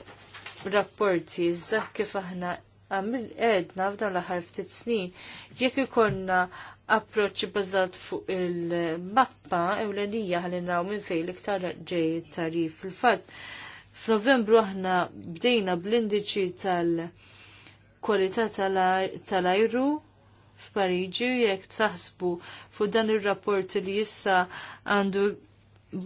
rapporti żah kif aħna għamil edna f'dan l-ħar ftit snin, jekk ikonna approċċ bazzat fuq il-mappa ewlenija ħalli u minn fejn l-iktar ġej tarif. Fil-fatt, f'Novembru aħna bdejna bl-indiċi tal-kwalità tal-ajru f'Pariġi jekk taħsbu fuq dan ir-rapport li issa għandu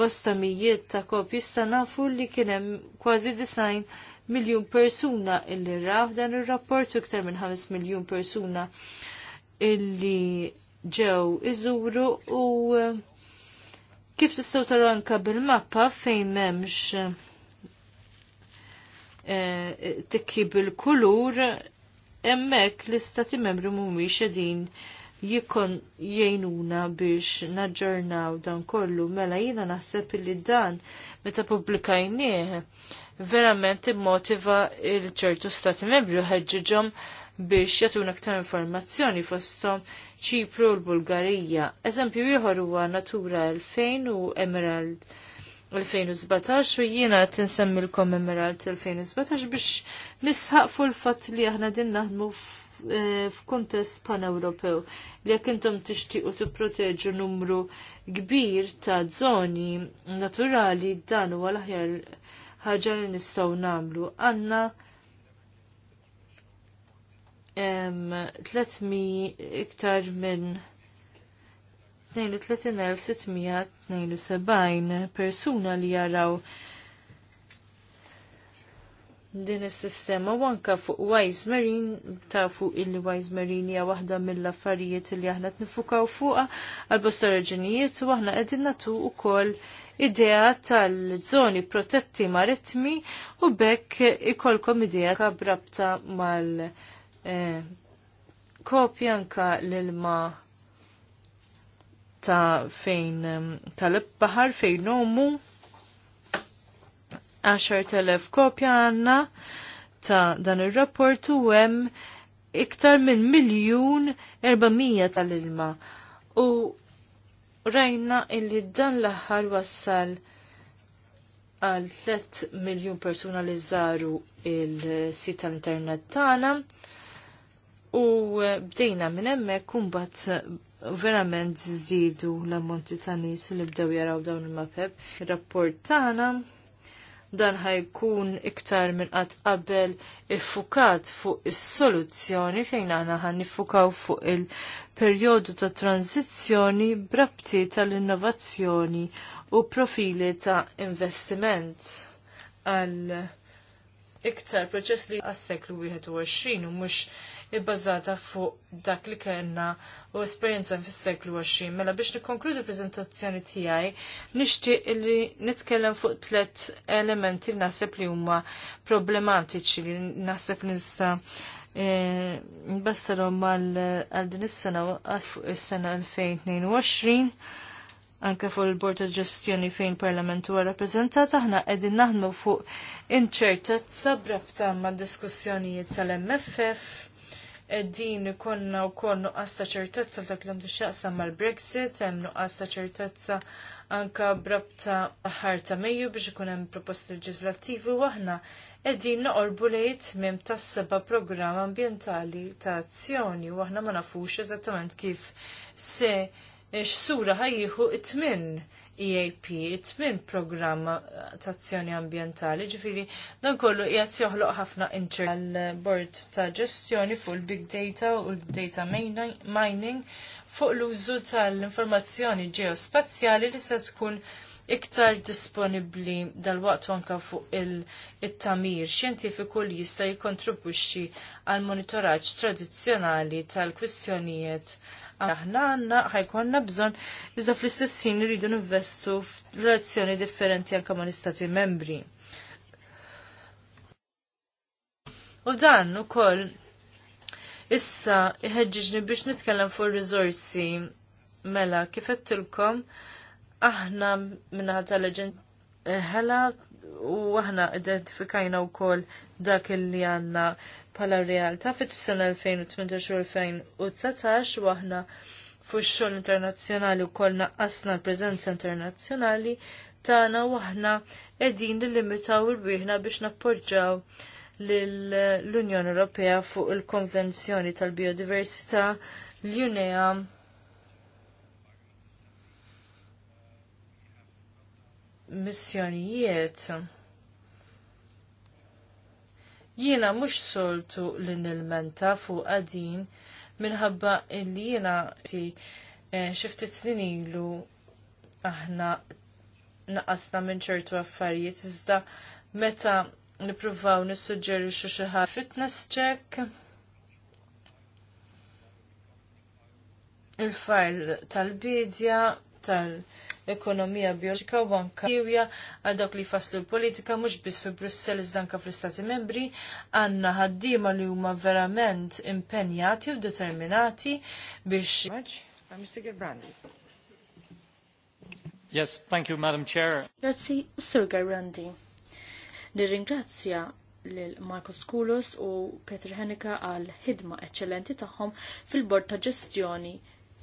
bosta mijiet ta' kopjista nafu li kien hemm kważi design miljun persuna illi raw dan il rapport u iktar minn 5 miljun persuna illi ġew iżuru u eh, kif tistgħu taru anka bil-mappa fejn m'hemmx eh, tikki bil-kulur hemmhekk l-istati membri mhumiex din jikon jgħinuna biex naġġornaw dan kollu mela jiena naħseb li dan meta publikajnieh verament immotiva il-ċertu stati membri uħedġiġom biex jatuna ktar informazzjoni fostom ċipru l-Bulgarija. Eżempju ieħor huwa Natura 2000 u Emerald 2017 u jiena tinsemmilkom Emerald 2017 biex nisħaq fuq il-fatt li aħna din naħdmu e, f'kuntest pan-Ewropew. Jekk intom tixtiequ tipproteġu numru kbir ta' zoni naturali dan huwa l-aħjar ħaġa li nistgħu nagħmlu. Għanna 300 iktar minn 32,672 persuna li jaraw din is-sistema wanka anka fuq Wise Marine ta' fuq illi Wise Marine hija waħda mill-affarijiet li aħna tnifukaw fuqha għal bosta raġunijiet u aħna qegħdin nagħtu wkoll idea tal-żoni protetti maritmi u bekk ikolkom idea kabrabta mal mal eh, l-ilma ta' fejn eh, tal-bahar fejn nomu 10.000 kopja għanna ta' dan il-rapport u hemm iktar minn miljun 400 tal-ilma. U rajna illi dan l-aħħar wassal għal 3 miljon persuna li żaru il-sit tal-internet tagħna u eh, bdejna minn hemmhekk kumbat eh, verament żdiedu l-ammonti ta' nies li bdew jaraw dawn il-mapeb. Ir-rapport tagħna dan ħajkun iktar minn qatt qabel iffukat fuq is-soluzzjoni fejn aħna ħan niffukaw fuq il-perjodu ta' tranzizzjoni brabti tal-innovazzjoni u profili ta' investiment għal iktar proċess li għas-seklu 21 u mhux ibbażata fuq dak li kellna u esperjenza fis-seklu 20. Mela biex nikkonkludu l-preżentazzjoni tiegħi, nixtieq li nitkellem fuq tliet elementi li naħseb li huma problematiċi li naħseb li nista' eh, nbassalhom għal din is-sena fuq is-sena 2022 anke fuq il-Bord ta' Ġestjoni fejn Parlament huwa rappreżentat aħna qegħdin naħdmu fuq inċertezza brabta ma' diskussjonijiet tal-MFF qegħdin ikonna wkoll nuqqas ta' ċertezza dak li għandu x'jaqsam mal-Brexit, hemm nuqqas ta' ċertezza anka brabta aħħar ta' Mejju biex ikun hemm proposti leġislattivi u aħna qegħdin noqorbu lejt minn tas seba programm ambjentali ta' azzjoni u aħna ma nafux eżattament kif se x'sura ħajjiħu it-tmin EAP, it-tmin programm ta' azzjoni ambientali, ġifiri dan kollu qiegħed joħloq ħafna inċer għal bord ta' ġestjoni fuq il-big data u l-data mining fuq l-użu tal-informazzjoni ġeospazjali li se tkun iktar disponibbli dal-waqt anka fuq il-tamir xjentifiku li jista' jikkontribwixxi għal monitoraġġ tradizzjonali tal-kwistjonijiet aħna għanna ħajkonna bżon iżda fl-istess ħin rridu nivvestu f'relazzjoni differenti anke l istati membri. U dan ukoll issa iħeġġiġni biex nitkellem fuq ir-riżorsi mela kif qedtilkom aħna minna tal leġent ħela eh, u aħna identifikajna wkoll dak li għandna pala realtà fit-sena 2018-2019 u aħna fuq xogħol internazzjonali kolna naqqasna l-preżenza internazzjonali tagħna u aħna qegħdin il irwieħna biex nappoġġaw l-Unjoni Ewropea fuq il-Konvenzjoni tal-Biodiversità l-UNEA missjonijiet Jiena mhux soltu li nilmenta fuq għadin minħabba il jiena si eh, xiftit snin ilu aħna naqasna minn ċertu affarijiet iżda meta nippruvaw nissuġġeru xi ħaġa fitness check il-file tal-bidja tal-, -bidja, tal ekonomija bioloġika u anka tiwja għal dawk li faslu l-politika mhux biss fi Brussell iżda anke fl-Istati Membri għandna ħaddiema li huma verament impenjati u determinati biex. Mr. Uh, Gerbrandi. Yes, thank you, Madam Chair. Grazzi, Sir Garandi. Nirringrazzja lil Marcos Skoulos u Peter Henneka għal ħidma eccellenti tagħhom fil-bord ta' ġestjoni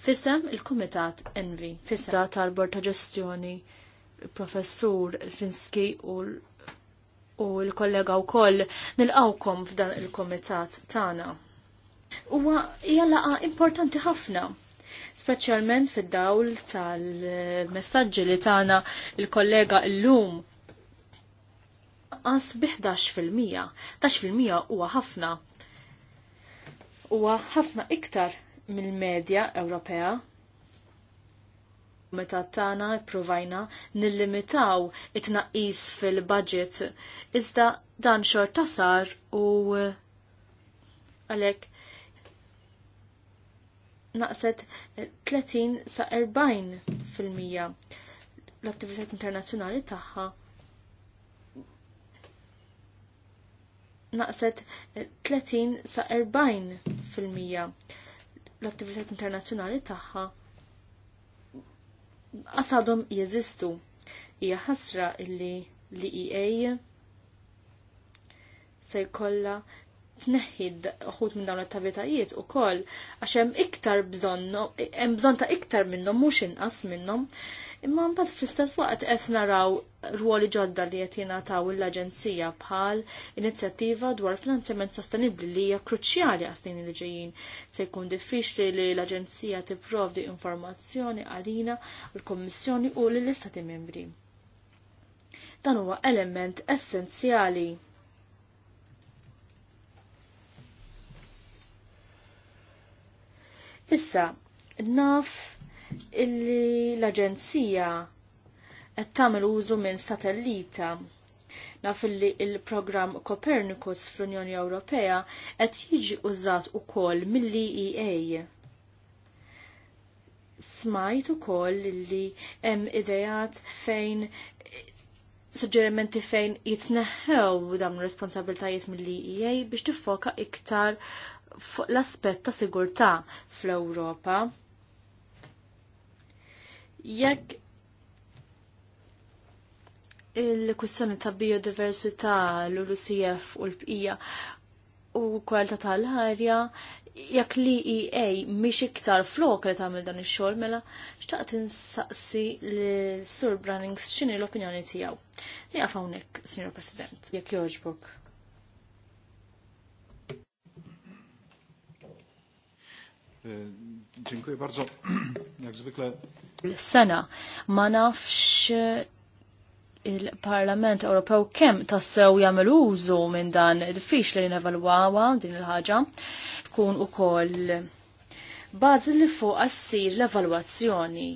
Fisem il-Kumitat Envi, fisem tal-Bord ta' Ġestjoni, professur Finski u u l-kollega u koll nil awkom f'dan il-komitat tana. Uwa hija laqa importanti ħafna, speċjalment fid-dawl tal-messagġi li tana il-kollega l-lum għas tax fil-Mija huwa ħafna. Huwa ħafna iktar mill-medja Ewropea. Meta tagħna pprovajna nillimitaw it-tnaqqis fil-budget iżda dan xorta sar u għalhekk naqset 30 sa 40 fil-mija l attività internazzjonali tagħha naqset 30 sa 40 fil-mija l-attivitajt internazzjonali tagħha qasadhom jeżistu. Hija ħasra illi li ea se jkollha tneħħid uħut minn dawn l-attivitajiet u koll, għax hemm iktar bżonn, hemm bżonn ta' iktar minnhom mhux inqas minnhom. Imma mbagħad fl-istess waqt qed naraw rwoli ġodda li qed jingħataw l-Aġenzija bħal inizjattiva dwar finanzjament sostenibbli li hija kruċjali għas-snin li ġejjin. Se jkun diffiċli li l-Aġenzija tipprovdi informazzjoni għalina l-Kommissjoni u lill-Istati Membri. Dan huwa element essenzjali Issa, naf illi l-Aġenzija qed tagħmel użu minn satellita. Naf illi il-programm Copernicus fl-Unjoni Ewropea qed jiġi użat ukoll mill-EEA. Smajt ukoll li hemm idejat fejn suġġerimenti fejn jitneħħew dawn responsabiltajiet mill-EEA biex tiffoka iktar fuq l-aspett ta' sigurtà fl-Ewropa Jekk il-kwistjoni ta' biodiversità l-UCF u l-bqija u kwalità tal-ħarja jekk li EA mhix iktar flok li tagħmel dan ix-xogħol mela xtaqt insaqsi l-Sur Brannings x'inhi l-opinjoni tiegħu. Li hawnhekk, Sinjor President, jekk jogħġbok. E, dziękuję bardzo. (clears throat) Jak zwykle. Sena, ma nafx e, il-Parlament Ewropew kemm tassew jagħmel użu minn dan diffiċli li nevalwawa din il-ħaġa tkun ukoll bażi li fuq assir l-evalwazzjoni.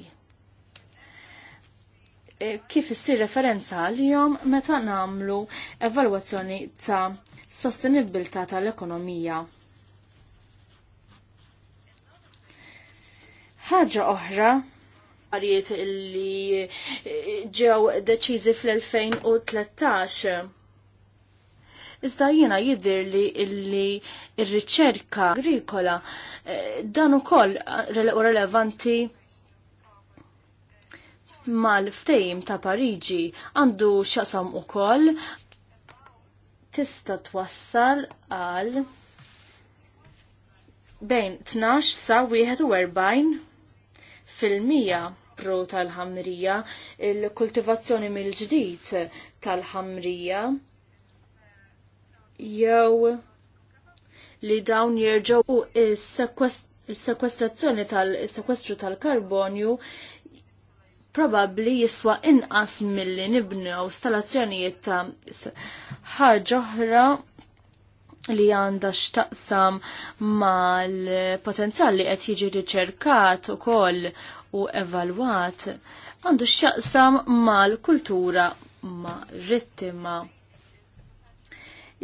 E, kif issir referenza għal-jom meta nagħmlu evalwazzjoni ta' sostenibilità tal-ekonomija. Ħaġa oħra għarijiet illi eh, ġew deċiżi fl-2013. Iżda jiena jidir li illi r-riċerka agrikola eh, dan ukoll eh, relevanti mal-ftejm ta' Pariġi għandu x'asam ukoll tista' twassal għal bejn 12 sa 41 fil-mija pro tal-ħamrija, il-kultivazzjoni mill-ġdid tal-ħamrija, jew li dawn jirġgħu il-sekwestrazzjoni tal-sekwestru tal-karbonju probabbli jiswa inqas milli nibnew installazzjonijiet ta' ħaġa oħra li għanda xtaqsam mal-potenzjal li qed jiġi riċerkat ukoll u evalwat għandu xtaqsam mal-kultura mal-rittima.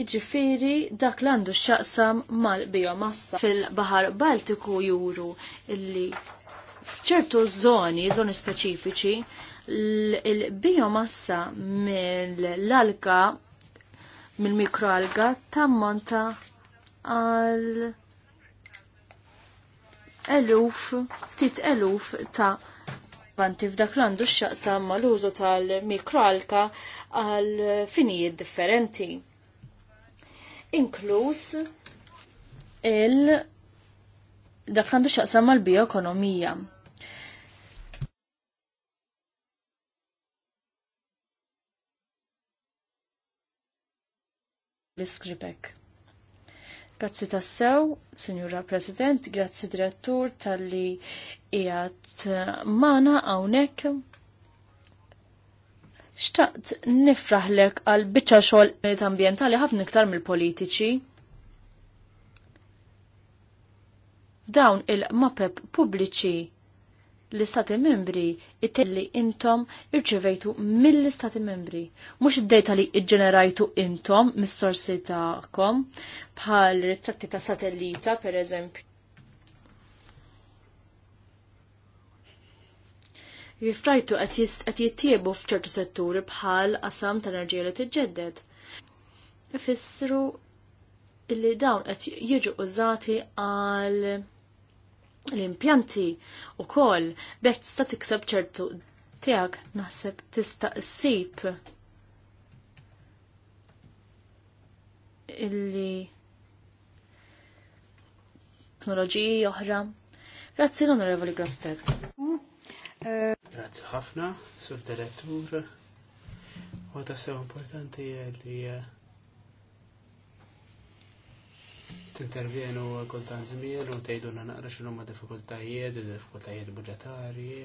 Iġifiri dak li għandu xtaqsam mal-biomassa fil-Bahar Baltiku juru illi fċertu zoni, zoni speċifiċi, il-biomassa mill-alka mill-mikroalga tammonta għal eluf, ftit eluf ta' banti f'dak l-għandu x-xaqsam mal-użu tal mikroalga għal finijiet differenti. Inkluż il dak l-għandu xaqsam mal-bioekonomija. l-iskribek. Grazzi tassew, Signora President, grazzi Direttur tal-li jgħat eh, mana għawnek. Xtaqt nifraħlek għal bicċa xol ambientali ħafna iktar mill-politiċi. Dawn il-mapep pubbliċi l-istati membri it-telli intom irċivejtu mill-istati membri. Mux id-data li iġġenerajtu intom mis-sorsi ta'kom bħal ritratti ta' satellita per eżempju. Jifrajtu qed jittiebu f'ċertu setturi bħal qasam ta' enerġija li tiġġedded. Ifissru illi dawn qed jiġu użati għal l-impjanti u kol bekk sta tikseb ċertu tiegħek naħseb tista' ssib illi teknoloġiji oħra. Grazzi l-Onorevoli Grosted. Grazzi ħafna, sur direttur. U sew importanti li eh, t-intervjenu kultant żmien u tgħidulna naqra x'inhu ma' diffikultajiet, diffikultajiet budgetarji,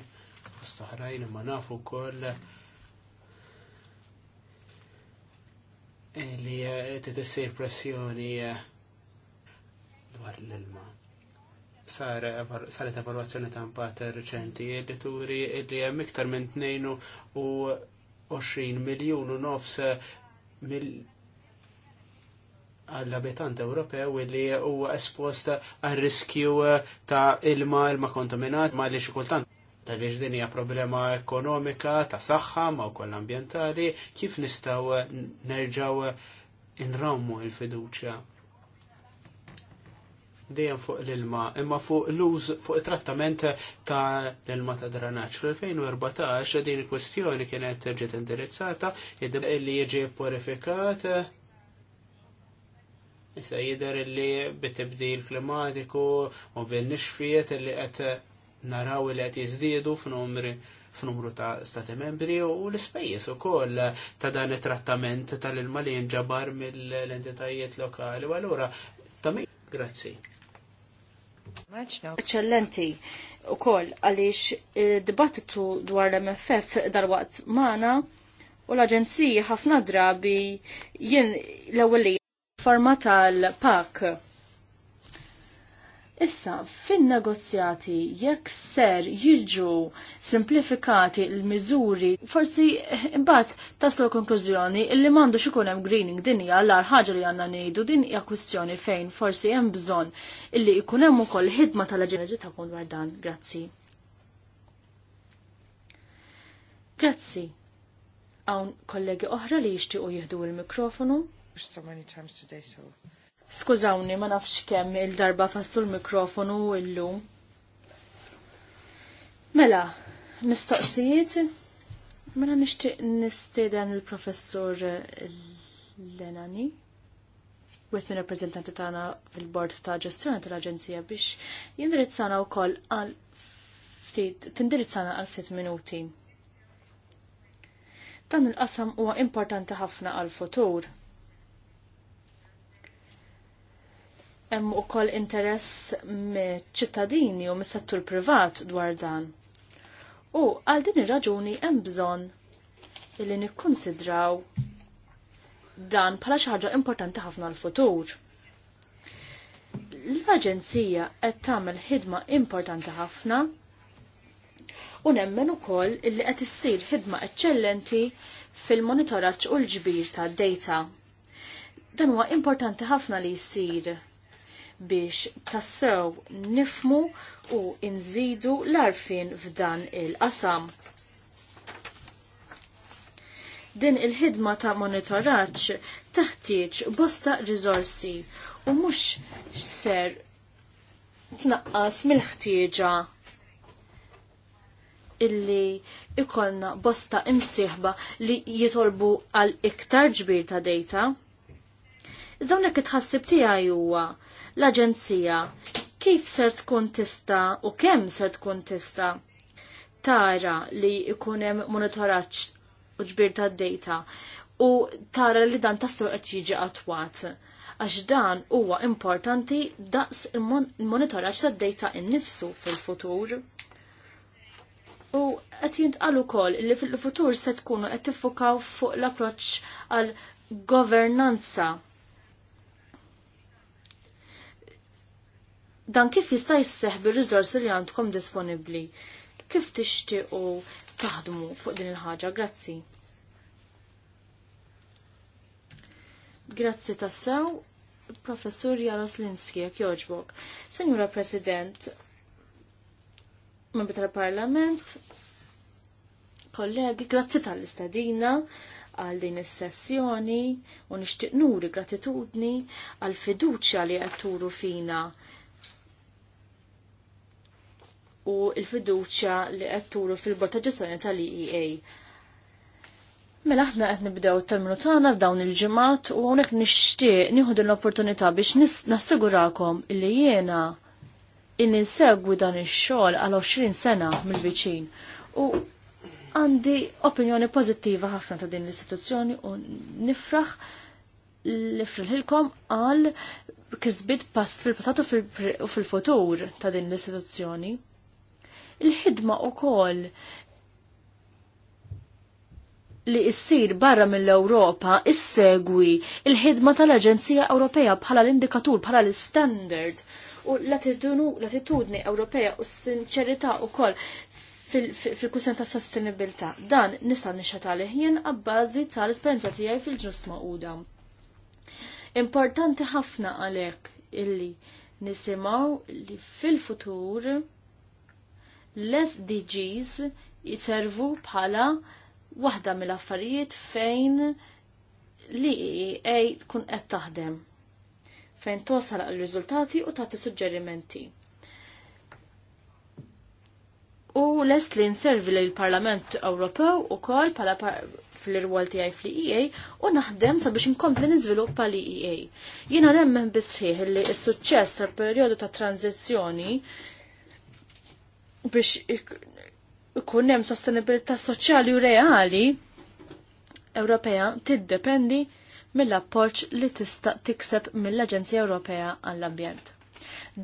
fost oħrajn imma nafu wkoll li qed issir pressjoni dwar l-ilma. Saret evalwazzjoni ta' impatt reċenti edituri li hemm iktar minn tnejn u 20 miljun u nofs mill għall-abitant Ewropew li huwa espost għal riskju ta' ilma ilma kontaminat ma li xikultant tal-li din hija problema ekonomika, ta' saħħa, ma' wkoll ambjentali, kif nistgħu nerġgħu inrammu il-fiduċja dejjem fuq l-ilma, imma fuq l-uż fuq it-trattament ta' l-ilma ta' dranaċ. Fl-2014 din il-kwestjoni kienet ġiet indirizzata, id-li jiġi purifikat, Issa jider li bit klimatiku u bil-nixfiet li qed naraw li qed jiżdiedu f'numri f'numru ta' stati membri u l-ispejjeż ukoll ta' dan it-trattament tal-ilma li jinġabar mill-entitajiet lokali. U allura ta' grazzi. Eccellenti u koll għalix eh, dibattitu dwar l-MFF dal-waqt mana u l-Aġenzija ħafna drabi jien l-ewwel Forma tal-PAK. Issa, fin-negozjati jekk ser jiġu simplifikati l-miżuri, forsi imbat taslu konklużjoni illi m'għandux ikun hemm greening dinja hija l ħaġa li għandna ngħidu din hija kwistjoni fejn forsi hemm bżonn illi jkun hemm ukoll ħidma tal-aġenzija ta' kun dwar dan. Grazzi. Grazzi. Hawn kollegi oħra li jixtiequ jieħdu l mikrofonu so many times today, so... Skużawni, ma nafx kemm il-darba fastu l-mikrofonu illum. Mela, mistoqsijiet, mela nixtieq nistieden il-professur Lenani, wieħed minn rappreżentanti tagħna fil-bord ta' ġestjoni tal-Aġenzija biex jindirizzana wkoll għal ftit tindirizzana għal ftit minuti. Dan il-qasam huwa importanti ħafna għal futur hemm ukoll interess miċ ċittadini u mis-settur privat dwar dan. U għal din ir-raġuni hemm bżonn li nikkonsidraw dan bħala xi ħaġa importanti ħafna l-futur. L-Aġenzija qed tagħmel ħidma importanti ħafna u nemmen ukoll illi qed issir ħidma eċċellenti fil-monitoraġġ u l-ġbir tad-data. Dan huwa importanti ħafna li jsir biex tassew nifmu u nżidu l-arfin f'dan il-qasam. Din il-ħidma ta' monitoraġġ taħtieġ bosta riżorsi u mhux ser tnaqqas mill-ħtieġa illi ikolna bosta imsiħba li jitolbu għal iktar ġbir ta' data. Dawnek it-ħassib tiegħi huwa l-Aġenzija kif ser tkun tista u kemm ser tkun tista tara li jkun hemm monitoraġġ u ġbir tad-data u tara li dan tassew qed jiġi attwat għax dan huwa importanti daqs il-monitoraġġ tad-data innifsu fil-futur. U qed jintqalu wkoll li fil-futur se tkunu qed tiffukaw fuq l-approċċ għal governanza dan kif jista' jisseħ bir-riżorsi li għandkom disponibbli. Kif tixtiequ taħdmu fuq din il-ħaġa? Grazzi. Grazzi tassew, professur Jaros Linski, jek joġbok. Senjura President, membri tal-Parlament, kollegi, grazzi tal-istadina, għal din is-sessjoni u nixtieq nuri gratitudni għal fiduċja li qed turu fina u il-fiduċja li qed turu fil-bord tal-EEA. Mela aħna qed nibdew terminu tagħna f'dawn il-ġimgħat u hawnhekk nixtieq nieħu l-opportunità biex nassigurakom li jiena insegwi dan ix-xogħol għal 20 sena mill-viċin u għandi opinjoni pożittiva ħafna ta' din l-istituzzjoni u nifraħ li frilħilkom għal kisbit pass fil-patatu u fil-futur ta' din l-istituzzjoni il-ħidma wkoll li issir barra mill-Ewropa issegwi il-ħidma tal-Aġenzija Ewropea bħala l-indikatur bħala l-standard u l-attitudni Ewropea u s-sinċerità u koll fil-kussjon ta' sostenibilità. Dan nista' nixħata li ħjien għabbażi tal-esperienza tiegħi fil-ġust maquda. Importanti ħafna għalhekk illi nisimgħu li fil-futur l-SDGs jiservu bħala waħda mill-affarijiet fejn li EA tkun qed taħdem fejn tosal għal riżultati u tagħti suġġerimenti. U lest li nservi l parlament Ewropew ukoll bħala fl-irwol tiegħi fil ea u naħdem sabiex inkompli niżviluppa l-EA. Jiena nemmen bisħiħ li s-suċċess tal-perjodu ta' tranzizjoni biex ikun hemm sostenibilità soċjali u reali Ewropea tiddependi mill-appoġġ li tista' tikseb mill-Aġenzija Ewropea għall-Ambjent.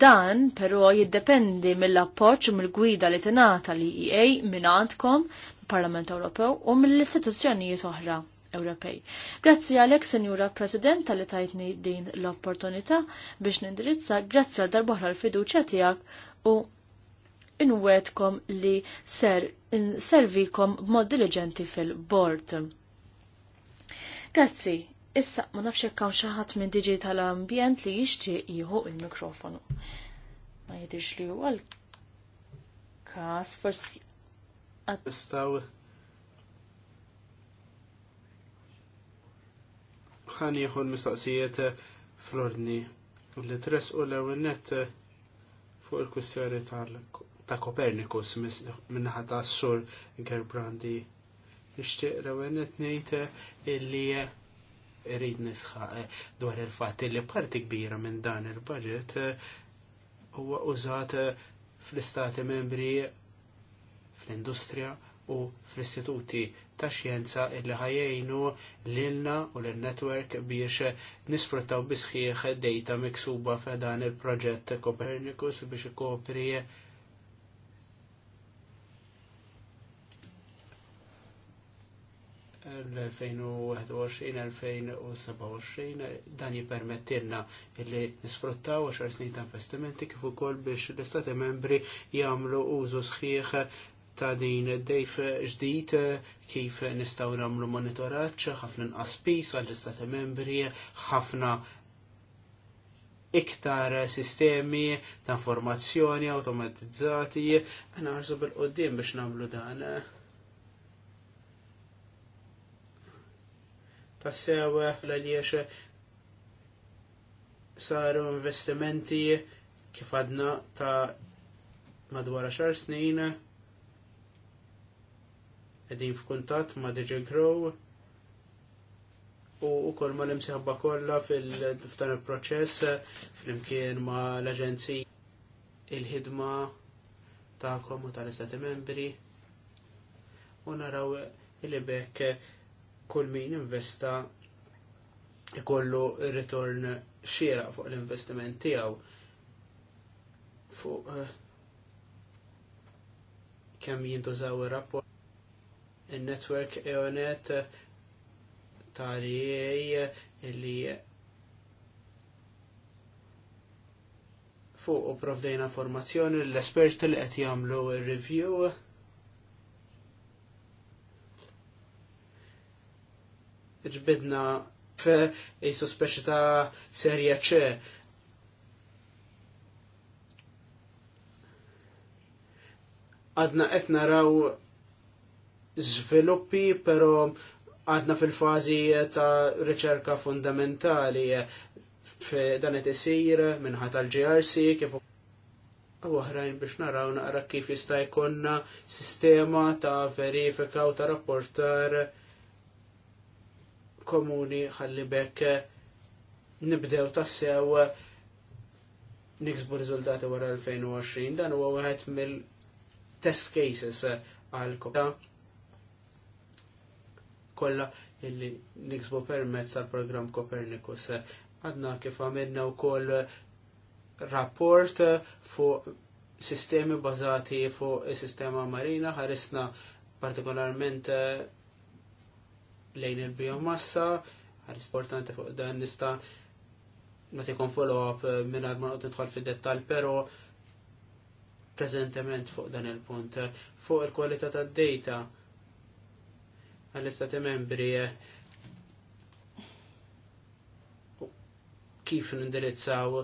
Dan però jiddependi mill-appoġġ u mill-gwida li tingħata li EA minn għandkom Parlament Ewropew u mill-istituzzjonijiet oħra Ewropej. Grazzi għalek, Senjura President, tal-li tajtni din l-opportunità biex nindirizza, grazzi għal darbohra l-fiduċa tijak u inwedkom li ser servikom b'mod diligenti fil-bord. Grazzi, issa ma nafx hekk hawn xi ħadd minn Diġi tal-Ambjent li jixtieq jieħu il-mikrofonu. Ma jidhirx li huwa l-każ forsi Istaw ħan jieħu l-mistaqsijiet fl-ordni. Li tres u l-ewwel nett eh, fuq il-kwistjoni tal ta' Kopernikus minnaħa ta' s-sur Gerbrandi. Nishtiq rawenet nejt eh, illi eh, rrid nisħaq eh, dwar il-fat li parti kbira minn dan il-budget huwa użat fl-istati membri fl-industrija u fl-istituti ta' xjenza illi l lilna u l-network biex nisfruttaw bisħieħ data miksuba f'dan il-proġett Copernicus biex kopri l-2021-2027 dan jipermettilna li nisfruttaw 10 snin ta' investimenti kif ukoll biex l-Istati membri jagħmlu użu sħiħ ta' din dejf ġdid kif nistgħu nagħmlu monitoraġġ ħafna inqas pis għall-Istati membri ħafna iktar sistemi ta' informazzjoni automatizzati, għana bil-qoddim biex namlu dan. tassew l-għaliex saru investimenti kif għadna ta' madwar 10 snin għedin f'kuntat ma' DJ Grow u kol ma' l-imsiħabba kolla fil-ftan il-proċess fil imkien ma' l-agenzi il-ħidma ta' komu tal-istati membri u naraw il-bekk kull min investa ikollu ritorn xiera fuq l-investiment tiegħu fuq eh, kemm jintużaw ir-rapport il-network EONET tal-EA illi fuq u provdejna formazzjoni l-esperti li qed jagħmlu review ġbidna fe jisu speċi ta' serja ċe. Għadna qed naraw żviluppi, però għadna fil-fażi ta' riċerka fundamentali dan qed isir minħat tal-GRC kif u oħrajn biex naraw naqra kif jista' jkollna sistema ta' verifika u ta' rapportar komuni ħalli bekk eh, nibdew tassew eh, niksbu rizultati wara 2020 dan huwa wieħed mill-test cases eh, għal kollha illi niksbu permezz tal programm Copernicus. Għadna kif għamilna wkoll rapport fu sistemi bazati fu sistema marina ħarisna partikolarment lejn il-biomassa, għad importanti fuq dan nista eh, ma tikon follow-up minn għad ma nidħol fid-dettal, pero prezentement fuq dan il-punt. Eh, fuq il-kwalità tad data għall-istati membri eh, kif nindirizzaw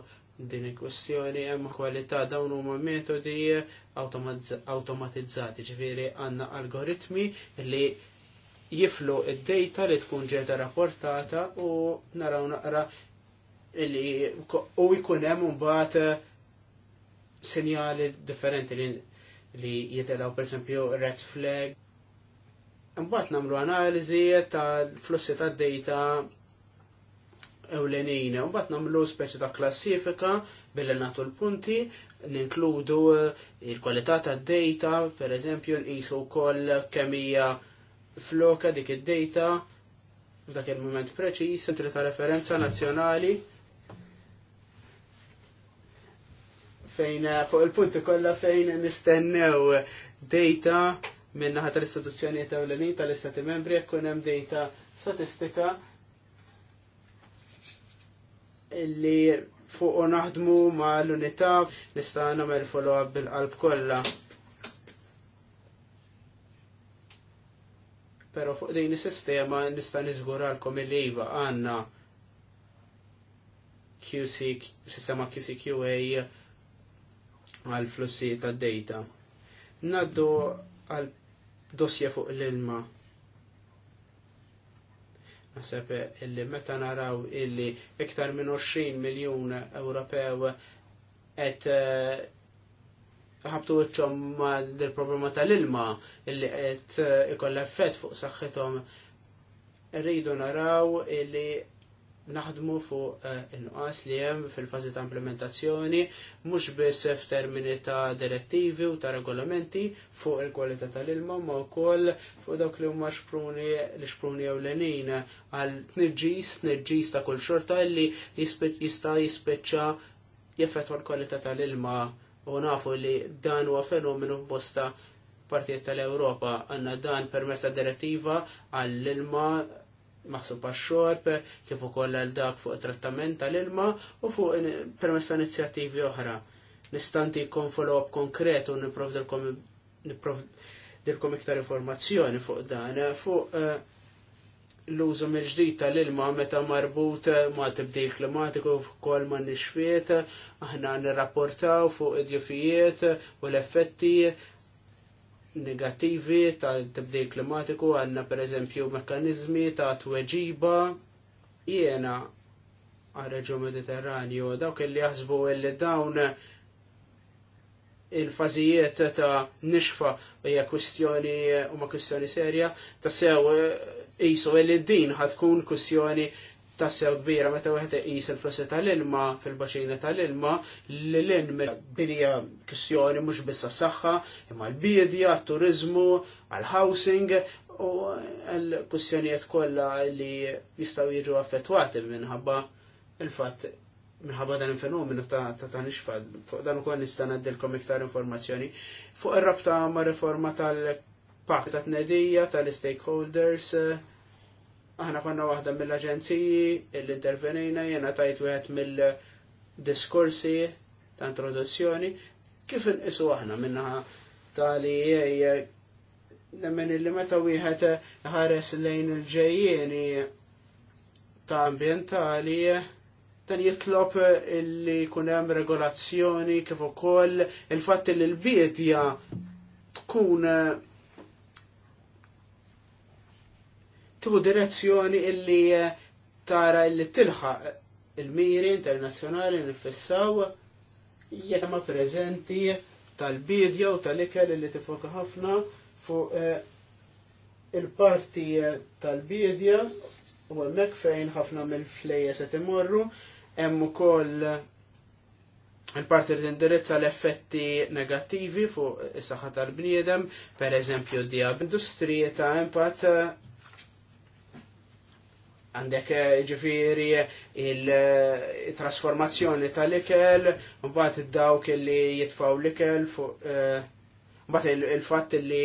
din il-kwestjoni hemm kwalità dawn huma metodi automatizzati, ġifieri għandna algoritmi li jiflu id-data li tkun ġeda rapportata u naraw naqra li u jkun hemm mbagħad eh, sinjali differenti li li jitelaw per esempio red flag. Mbagħad nagħmlu analiżi ta' flussi ta' data ewlenina, u bat namlu speċi ta' klassifika billi natu l-punti, ninkludu eh, il-kwalità ta' data, per eżempju, nqisu wkoll kemm hija floka dik id-data f'dak il-moment preċis, sentri ta' referenza nazzjonali fejn fuq il-punti kollha fejn nistennew data minn naħa tal-istituzzjonijiet ewlenin tal-istati membri jekk hemm data statistika illi fuq naħdmu ma' l-unità nista' nagħmel follow-up bil-qalb kollha. pero fuq din is-sistema nista' niżguralkom il-liva għandna QC, sistema QCQA għal flussi ta' data. Naddu għal dosja fuq l-ilma. Nasab illi meta naraw illi iktar minn 20 miljon Ewropew qed eh, ħabtu wiċċhom ma' problema tal-ilma illi qed eh, ikolla effett fuq saħħithom. Rridu naraw illi naħdmu fuq eh, inqas li hemm fil-fażi ta' implementazzjoni mhux biss f'termini ta' direttivi u ta' regolamenti fuq il-kwalità tal-ilma ma wkoll fuq dawk li huma xpruni li xpruni ewlenin għal tniġġis tniġġis ta' kull xorta li jista' jispeċċa jeffettwa l-kwalità tal-ilma u nafu li dan huwa fenomenu f'bosta partijiet tal-Ewropa għanna dan permessa ta' direttiva għall-ilma maħsub għax-xorb, kif ukoll għal dak fuq trattament tal-ilma u fuq permess ta' inizjattivi oħra. Nistanti jkun follow-up konkret u niprovdilkom iktar informazzjoni fuq dan, fuq l-użu mill-ġdid tal-ilma meta marbut ma' tibdil klimatiku f'kol ma' nixfiet, aħna nirrapportaw fuq id-jufijiet u l-effetti negativi tal-tibdil klimatiku għanna per eżempju mekanizmi ta' tweġiba jena għarreġu mediterranju dawk li jaħsbu li dawn il-fazijiet ta' nixfa hija kwistjoni u ma' kwistjoni serja ta' sew jisu li din kun kussjoni sew kbira meta wieħed iqis il-flussi tal-ilma fil baċina tal-ilma li l ilma binija kwistjoni mhux biss s-saħħa imma l-bidja, t-turizmu, għal-housing u l-kwistjonijiet kollha li jistgħu jiġu affettwati minħabba il-fatt minħabba dan il-fenomenu ta' ta' nixfad. Fuq dan ukoll nista' ngħaddilkom iktar informazzjoni fuq ir-rabta ma' riforma tal- pak ta' tnedija tal-stakeholders. Aħna konna waħda mill-aġenziji illi intervenejna jena tajt wieħed mill-diskorsi ta' introduzzjoni. Kif inqisu aħna minna ta li nemmen illi meta wieħed ħares lejn il-ġejjieni ta' ambientali dan jitlob illi hemm regolazzjoni kif ukoll il-fatt li l-bidja tkun tuħu direzzjoni illi eh, tara illi tilħa il-miri internazzjonali nifissaw jema prezenti tal-bidja u tal-ikel illi tifoka ħafna fuq eh, il-parti eh, tal-bidja u għemmek fejn ħafna mill-flejja se timorru hemm ukoll il-parti li tindirizza l-effetti negattivi fuq is-saħħa tal-bniedem, pereżempju d-diab industrija ta' impatt għandek eh, ġifiri il-trasformazzjoni eh, tal-ikel, mbagħad id-dawk li jitfaw l-ikel fuq eh, mbagħad il-fatt li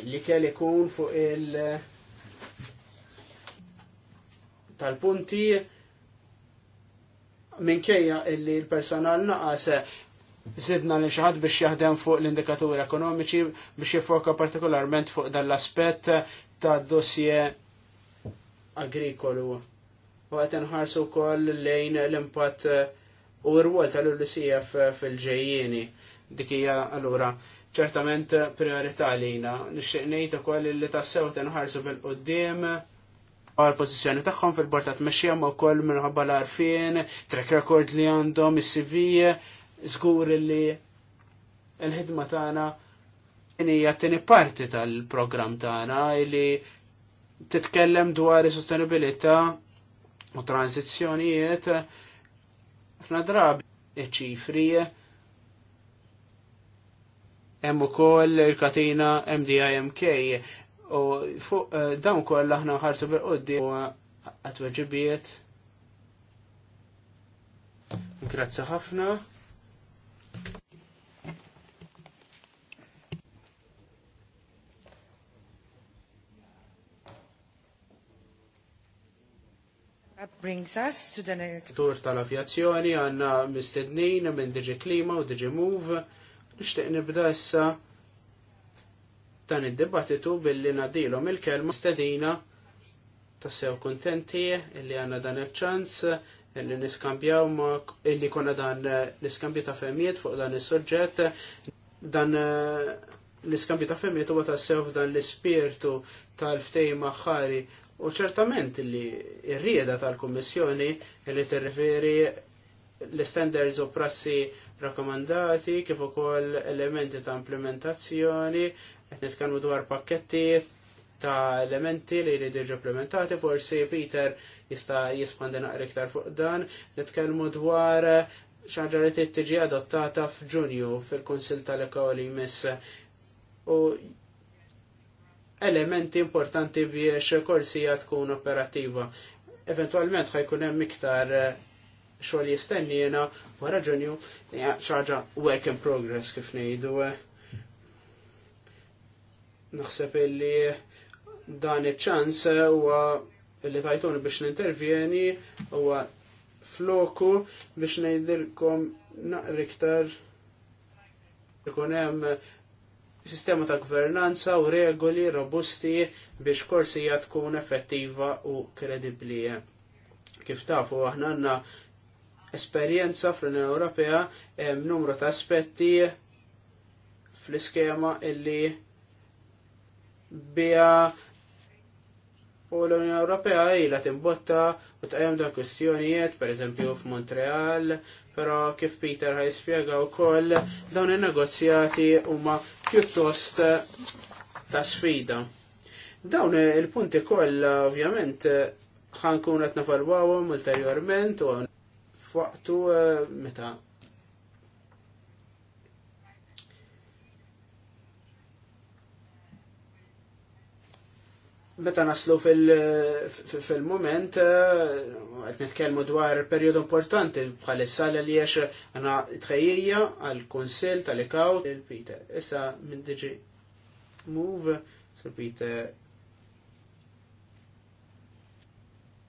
l-ikel ikun fuq il- tal-punti minkejja illi l-personal naqas zidna li xaħat biex jaħdem fuq l indikatori ekonomiċi biex jifoka partikolarment fuq dal-aspet ta' dossier agrikolu. U għet nħarsu kol lejn l-impat eh, u r-wol tal-ULCF eh, fil-ġejjini. Dikija allura ċertament priorità lina. Nixtieq ngħid ukoll li tassew tinħarsu bil-qudiem għal pożizzjoni tagħhom fil-bord ta' tmexxija ma' wkoll minħabba l-arfien, track record li għandhom, is-CV, żgur li l-ħidma tagħna hija t-tieni parti tal-programm tagħna li titkellem dwar is-sostenibilità u transizzjonijiet f'na drabi iċ-ċifri hemm ukoll il-katina MDIMK u fuq eh, dawn ukoll aħna ħarsu bil-qoddi u għatweġibiet. Grazzi ħafna. That brings us to the next. Tur tal-avjazzjoni għanna mistednin minn Digi Klima u Digi Move. Nishtiq nibda issa dan id-dibattitu billi nadilhom il-kelma stedina tassew kontenti illi għanna dan il-ċans illi niskambjaw ma illi konna dan eh, l-iskambju ta' femmiet fuq dan is-soġġett dan eh, l-iskambju ta' femmiet huwa tassew dan l-ispirtu tal ftej maħħari U ċertament li r-rieda tal-Kummissjoni li tirriferi l-standards u prassi rakkomandati kif ukoll elementi ta' implementazzjoni qed nitkellmu dwar pakketti ta' elementi li jridu implementati, forsi Peter jista' jispandi naqra iktar fuq dan, nitkellmu dwar xaġa li tiġi adottata f'Ġunju fil-Kunsil tal-Ekoli jmiss. U elementi importanti biex korsija tkun operativa. Eventualment ħajkun hemm iktar eh, xogħol jistenni jena wara ġunju ċaġa work in progress kif ngħidu. Eh. Naħseb illi dan iċ-ċans huwa illi tajtuni biex nintervjeni huwa floku biex ngħidilkom naqriktar iktar ikun hemm sistema ta' gvernanza u regoli robusti biex korsija tkun effettiva u kredibli. Kif tafu aħna għandna esperjenza fl-Unjoni Ewropea hemm numru ta' aspetti fl-iskema illi bija U l-Unjoni Ewropea ilha timbotta u tqajjem dan kwistjonijiet, pereżempju f'Montreal, però kif Peter ħaj spjega wkoll dawn in-negozjati huma pjuttost ta' sfida. Dawn il-punti kollha ovvjament ħankun qed nafarwawhom ulterjorment u f'waqtu eh, meta meta naslu fil-moment, eh, għet nitkelmu dwar periodu importanti bħalissa li jiex għana tħejjija għal-konsil tal-ikaw il-Peter. Issa minn diġi move, sur Peter.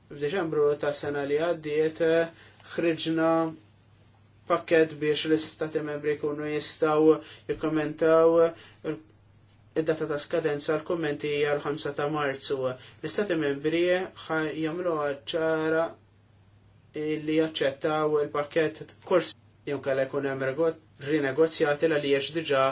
F'Deċembru ta' sena li għaddiet eh, ħriġna pakket biex l-istati membri kunu jistaw jikkommentaw id-data ta' skadenza l kummenti hija l-5 ta' Marzu. L-Istati Membri jagħmlu ċara li jaċċettaw il-pakket kors jew kalla jkun hemm rinegozjati l li diġà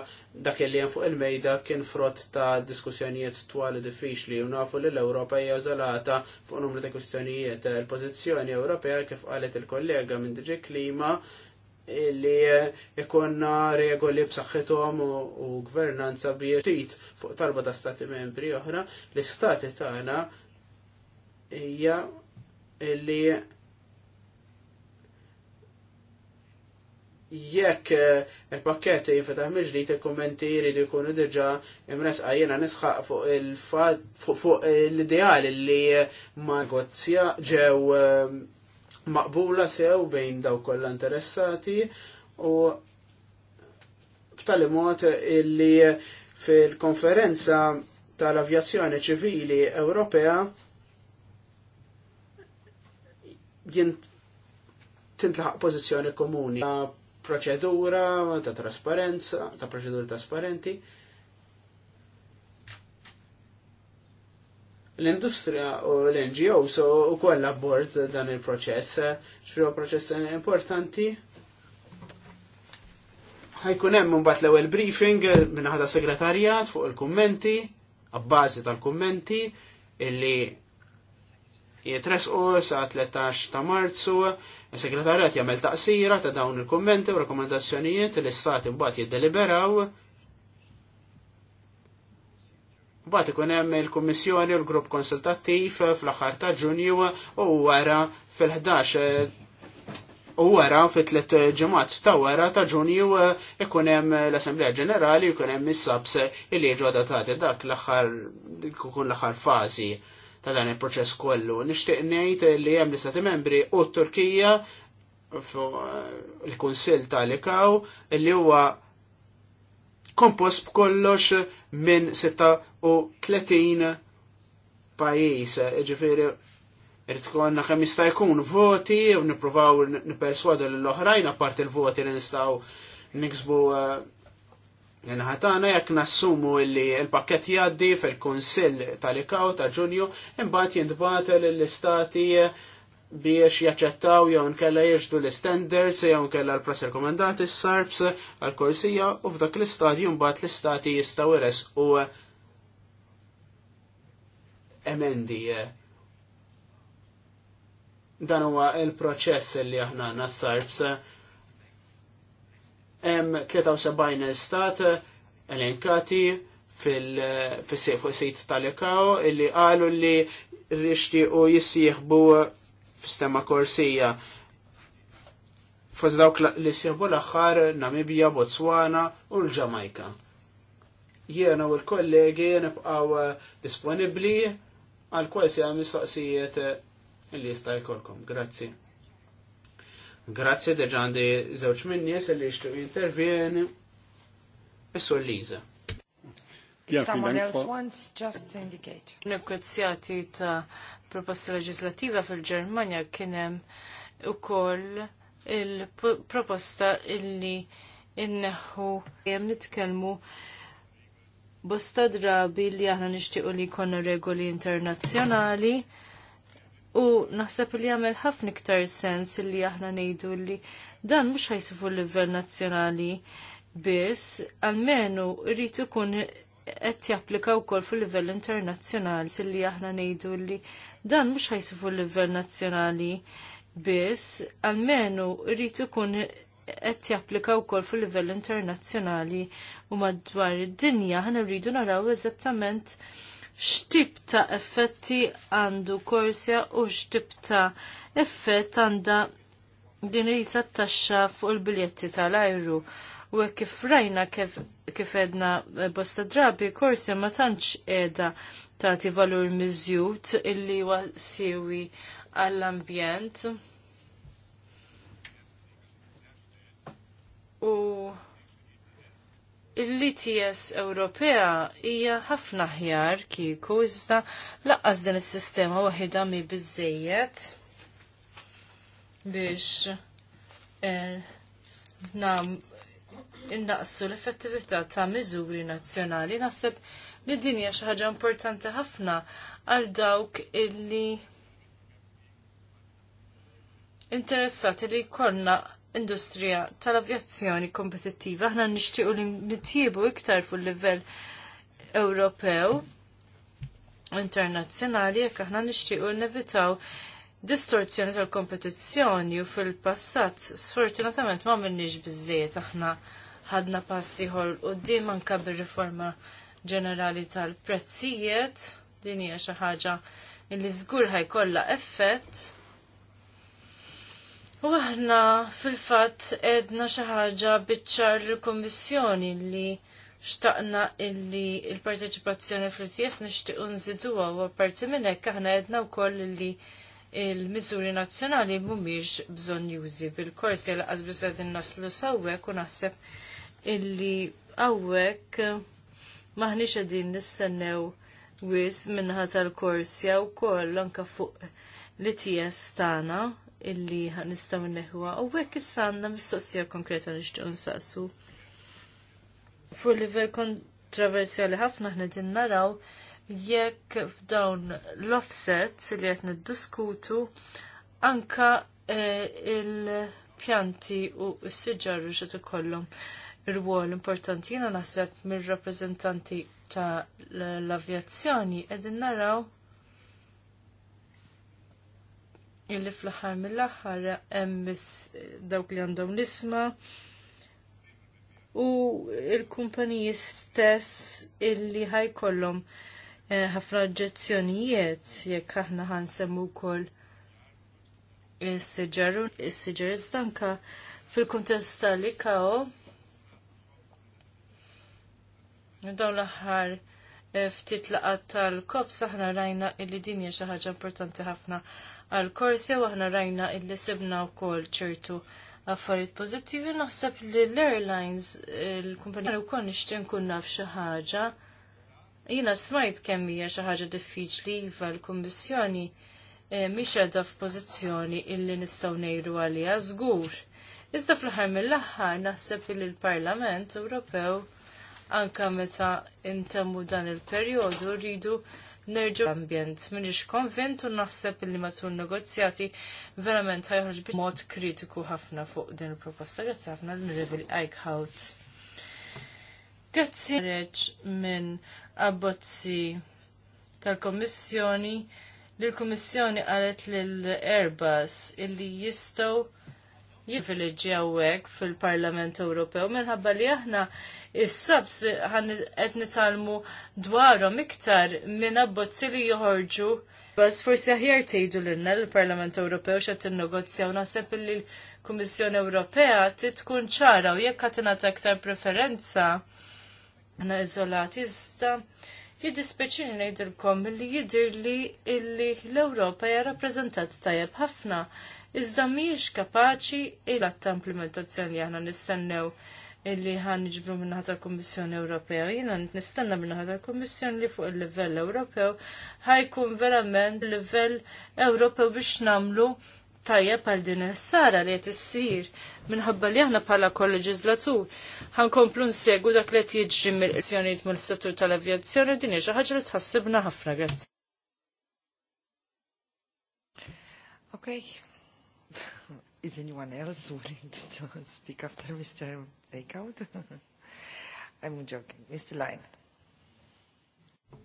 dak li hemm fuq il-mejda kien frott ta' diskussjonijiet twal diffiċli u nafu li l-Ewropa hija żalata fuq numru ta' kwistjonijiet. Il-pożizzjoni Ewropea kif qalet il-kollega minn diġi klima li eh, ikonna regoli b'saħħithom u gvernanza biex fuq talba ta' stati membri oħra, l-istati tagħna hija li jekk eh, il-pakket jinfetaħ miġdijt il-kommenti jridu jkunu diġa imresqa jena nisħaq fuq il-fat fuq l-ideali li ma negozja ġew eh, maqbula sew bejn daw kollha interessati u b'tali mod illi fil-konferenza tal-avjazzjoni ċivili Ewropea jien tintlaħaq pożizzjoni komuni ta' proċedura, ta' trasparenza, ta' proċeduri trasparenti. l-industrija u l-NGO so u kolla abbord dan il-proċess, xfru proċess importanti. Ħajkun hemm mbagħad l-ewwel briefing minn ħada segretarjat fuq il-kummenti, abbażi tal-kummenti illi u sa 13 ta' marzu, il-segretarjat jagħmel taqsira ta' dawn il-kummenti u rakkomandazzjonijiet li s-sat imbagħad jiddeliberaw Bat ikun hemm il-Kummissjoni u l-Grupp Konsultattiv fl-aħħar ta' Ġunju u wara fil-11 u wara fit-tliet ġimgħat ta' wara ta' Ġunju ikun hemm l-Assemblea Ġenerali u jkun hemm is-sabs li jiġu adatati dak l-aħħar ikun l-aħħar fażi ta' dan il-proċess kollu. Nixtieq ngħid li hemm l-Istati Membri u t-Turkija l-Kunsill tal-Ikaw li huwa kompost b'kollox minn 36 pajis, ġifiri, irtku għanna kemm jista' jkun voti, u nippruvaw nipperswadu l-oħrajn apart il-voti li nistgħu niksbu eh, Nħatana jekk nassumu li l-pakket jaddi fil-Konsill tal-Ikaw ta' Ġunju imbagħad jindbat l-istati eh, biex jaċċettaw jew nkella jiġdu l-standards jew nkella l-press rekomendati s-sarps għal-korsija u f'dak l-istadju mbagħad l-istati jistgħu res u emendi. Dan huwa l proċess li aħna għandna s-sarps. Hemm 73 istat elenkati fil-sejt tal-ikaw illi qalu li rixti u jissieħbu f'stema korsija. Fos dawk li sjabu l-axħar Botswana u l-Ġamajka. Jiena u l-kollegi nibqaw eh, disponibli għal kwalsi għam mistoqsijiet eh, li jistajkolkom. Grazzi. Grazzi deġandi żewġ minn nies li jishtu jintervjeni. Issu l-Liza. Someone else wants just to indicate. ta' proposta legislativa fil-Ġermanja kien hemm ukoll il-proposta illi inneħħu jem nitkellmu bosta drabi li aħna nixtiequ li jkollna regoli internazzjonali u naħseb li jagħmel ħafna iktar sens li aħna ngħidu li dan mhux ħajsifu l-livell nazzjonali biss, għalmenu rrid ikun qed japplika wkoll fil-livell internazzjonali silli aħna ngħidu li dan mhux ħajsu fil-livell nazzjonali biss, almenu rritu ikun qed japplika wkoll fil-livell internazzjonali u madwar id-dinja aħna rridu naraw eżattament x'tip ta' effetti għandu korsja u x'tip ta' effett għandha din risa taxxa fuq il-biljetti tal-ajru u hekk kif rajna kif edna bosta drabi korsi ma tantx edha tagħti valur miżjud illi wasiwi għall-ambjent. U l-ITS Ewropea hija ħafna ħjar kieku iżda laqqas din is-sistema waħda mi biżejjed biex eh, nam innaqsu l-effettività ta' miżuri nazzjonali. Naħseb li din hija xi ħaġa importanti ħafna għal dawk illi interessati li jkollna industrija tal-avjazzjoni kompetittiva. Aħna nixtiequ li nitjiebu iktar fuq livell Ewropew u internazzjonali jekk aħna nixtiequ nevitaw distorzjoni tal-kompetizzjoni u fil-passat sfortunatament ma minniġ bizziet aħna ħadna passi ħol u dim anka bir-riforma ġenerali tal-prezzijiet, din hija xi ħaġa li żgur ħajkollha effett. U aħna fil-fatt edna xi ħaġa biċċar il kummissjoni li xtaqna illi il-parteċipazzjoni fl-ITS nixtiequ nżiduha u apparti minn hekk aħna għedna wkoll illi il-miżuri nazzjonali mhumiex bżonn jużi bil-korsi l qasbis qegħdin naslu sawwek u naħseb illi hawnhekk maħniex qegħdin nistennew wis minnħa tal-korsja wkoll anke fuq li its tagħna illi nistgħu neħwa hawnhekk issa għandna mistoqsija konkreta nixtieq nsaqsu. Fuq livell kontroversjali ħafna ħna din naraw jekk f'dawn l-offsets li qed niddiskutu anka eh, il-pjanti u s-siġar xed ikollhom rwol importanti. Jiena naħseb mir-rappreżentanti ta' l-avjazzjoni qegħdin naraw illi fl-aħħar mill-aħħar hemm dawk li għandhom nisma' u l-kumpaniji stess illi ħajkollhom Eh, ħafna oġġezzjonijiet jekk aħna ħansemmu wkoll is-siġaru is-siġar Danka fil-kuntest tal-ikaw dawn l-aħħar eh, ftit laqat tal-kop saħna rajna illi din hija xi ħaġa importanti ħafna għal korsja u aħna rajna illi sibna wkoll ċertu affarijiet pożittivi naħseb li l-airlines il-kumpanija wkoll nixtieq nkun naf xi ħaġa. Jina smajt kemm hija xi ħaġa diffiċli iva l-Kummissjoni eh, mhix qiegħda f'pożizzjoni illi nistgħu ngħidu għaliha żgur. Iżda fl-aħħar mill-aħħar naħseb li l-Parlament Ewropew anka meta intemmu dan il-perjodu rridu nerġu l-ambjent. Minix konvent u naħseb li matul negozjati verament ħajħarġ mod kritiku ħafna fuq din il-proposta. Grazzi ħafna l-Nirevil Eichhout. Grazzi reġ minn abbozzi tal-Kommissjoni li l-Kommissjoni qalet lill-Airbus illi jistgħu jivviliġi hekk fil-Parlament Ewropew minħabba li aħna is-sabs qed nitalmu dwarhom iktar minn abbozzi li joħorġu Bas forsi aħjar tgħidu lilna l-Parlament Ewropew x'qed tinnegozjaw naħseb li l-Kummissjoni Ewropea tkun ċara u jekk qed tingħata aktar preferenza aħna iżolati iżda jiddispeċini ngħidilkom li jidir li illi l-Ewropa hija rappreżentat tajjeb ħafna iżda mhijiex kapaċi il ta' implementazzjoni li aħna nistennew illi ħan niġbru minnaħat tal-Kommissjoni Ewropea. Jiena nistenna minnaħat tal-Kommissjoni li fuq il-livell Ewropew ħajkun verament livell Ewropew biex namlu tajjeb għal din is-sara li qed issir minħabba li aħna bħala kol-leġizlatur ħankomplu nsegu dak li qed jiġri mill-qisjonijiet mill-settur tal-avjazzjoni din hija xi ħaġa li tħassibna ħafna grazzi. Okay. (laughs) Is anyone else willing to (laughs) speak after Mr. Takeout? (laughs) I'm joking. Mr. Line.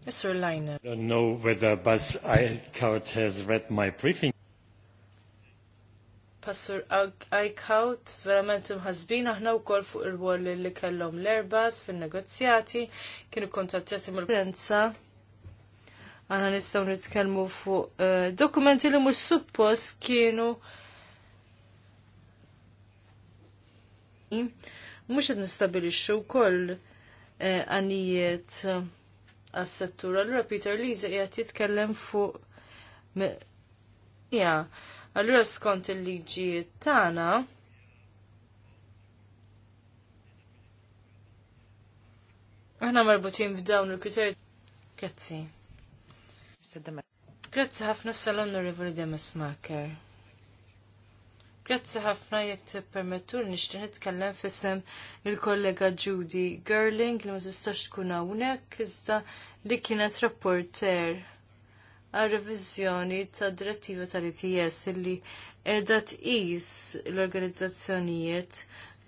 Mr. Line. I don't know whether Buzz Eichhout has read my briefing. Passur Eichhout, verament imħazbin aħna wkoll fuq ir wall li kellhom l-erbas fin-negozjati, kienu kontattjati mill-prenza. Aħna nistgħu nitkellmu fuq eh, dokumenti li mhux suppost kienu mux għed nistabilixxu wkoll eh, għanijiet eh, għas-settur. allora Peter Lise qiegħed jitkellem fuq ja, Allura skont il-liġi tagħna aħna marbutin f'dawn il-kriterji. Grazzi. Grazzi ħafna sal-Onorevoli Demis Marker. Grazzi ħafna jekk tippermettur nixtieq nitkellem f'isem il-kollega Judy Gerling li ma tistax tkun hawnhekk iżda li kienet rapporter għal-revizjoni ta' direttiva tal-ITS illi edha tqis l-organizzazzjonijiet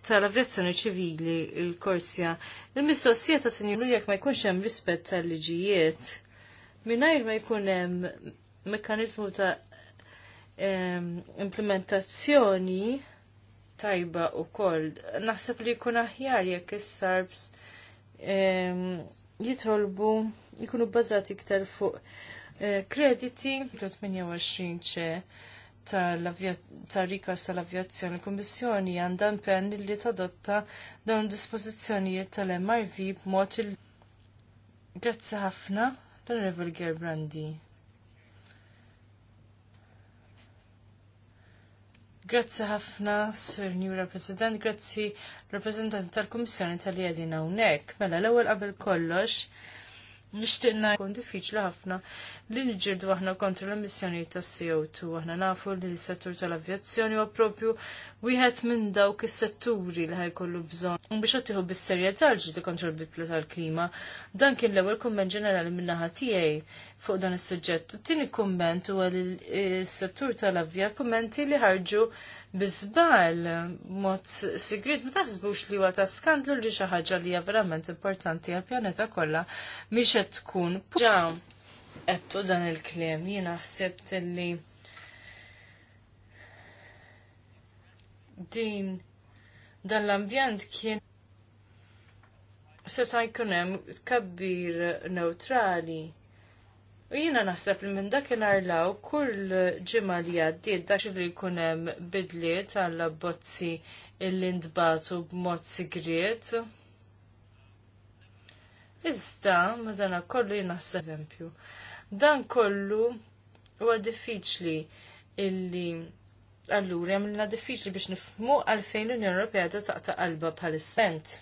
tal-avjazzjoni ċivili il-korsja. Il-mistoqsija ta' sinjuru jekk ma jkunx hemm rispett tal-liġijiet, mingħajr ma jkun hemm mekkaniżmu ta' implementazzjoni tajba u koll. Naħseb li jkun aħjar jekk is-sarbs jitolbu jkunu bbażati iktar fuq Eh, krediti fl-28 tal rika tal-avjazzjoni. Kummissjoni għandha impenn li tadotta dawn dispożizzjonijiet tal-MRV b'mod il- Grazzi ħafna, l-Revel Gerbrandi. Grazzi ħafna, Sir New President, grazzi rappresentanti tal-Kummissjoni tal jedina għedin hawnhekk. Mela l-ewwel qabel kollox, Nishtinna jkun diffiċli ħafna li nġirdu aħna kontra l-emissjonijiet ta' CO2. Aħna nafu li s-settur tal-avjazzjoni huwa propju wieħed minn dawk is-setturi li ħajkollu bżonn. U biex tieħu bis-serjetà l-ġidu kontra l bitla tal-klima, dan kien l-ewwel kumment ġenerali min-naħa tiegħi fuq dan is-suġġett. Tieni kumment huwa li s-settur tal-avja kummenti li ħarġu bizbal, mod sigrit, ma taħsbux li huwa ta' skandlu li xi ħaġa li hija verament importanti għall pjaneta kollha miex qed tkun ġa qed dan il-kliem jiena ħsibt li din dan l-ambjant kien seta' jkun hemm kabbir neutrali U jina naħseb li minn dakinhar law kull ġimgħa li għaddiet dak li jkun hemm bidliet għal bozzi illi ntbatu b'mod sigriet. Iżda, madana kollu jina eżempju. Dan kollu huwa diffiċli illi allura jagħmilna diffiċli biex nifhmu għalfejn l-Unjoni Ewropea ta' taqta' qalba bħal sent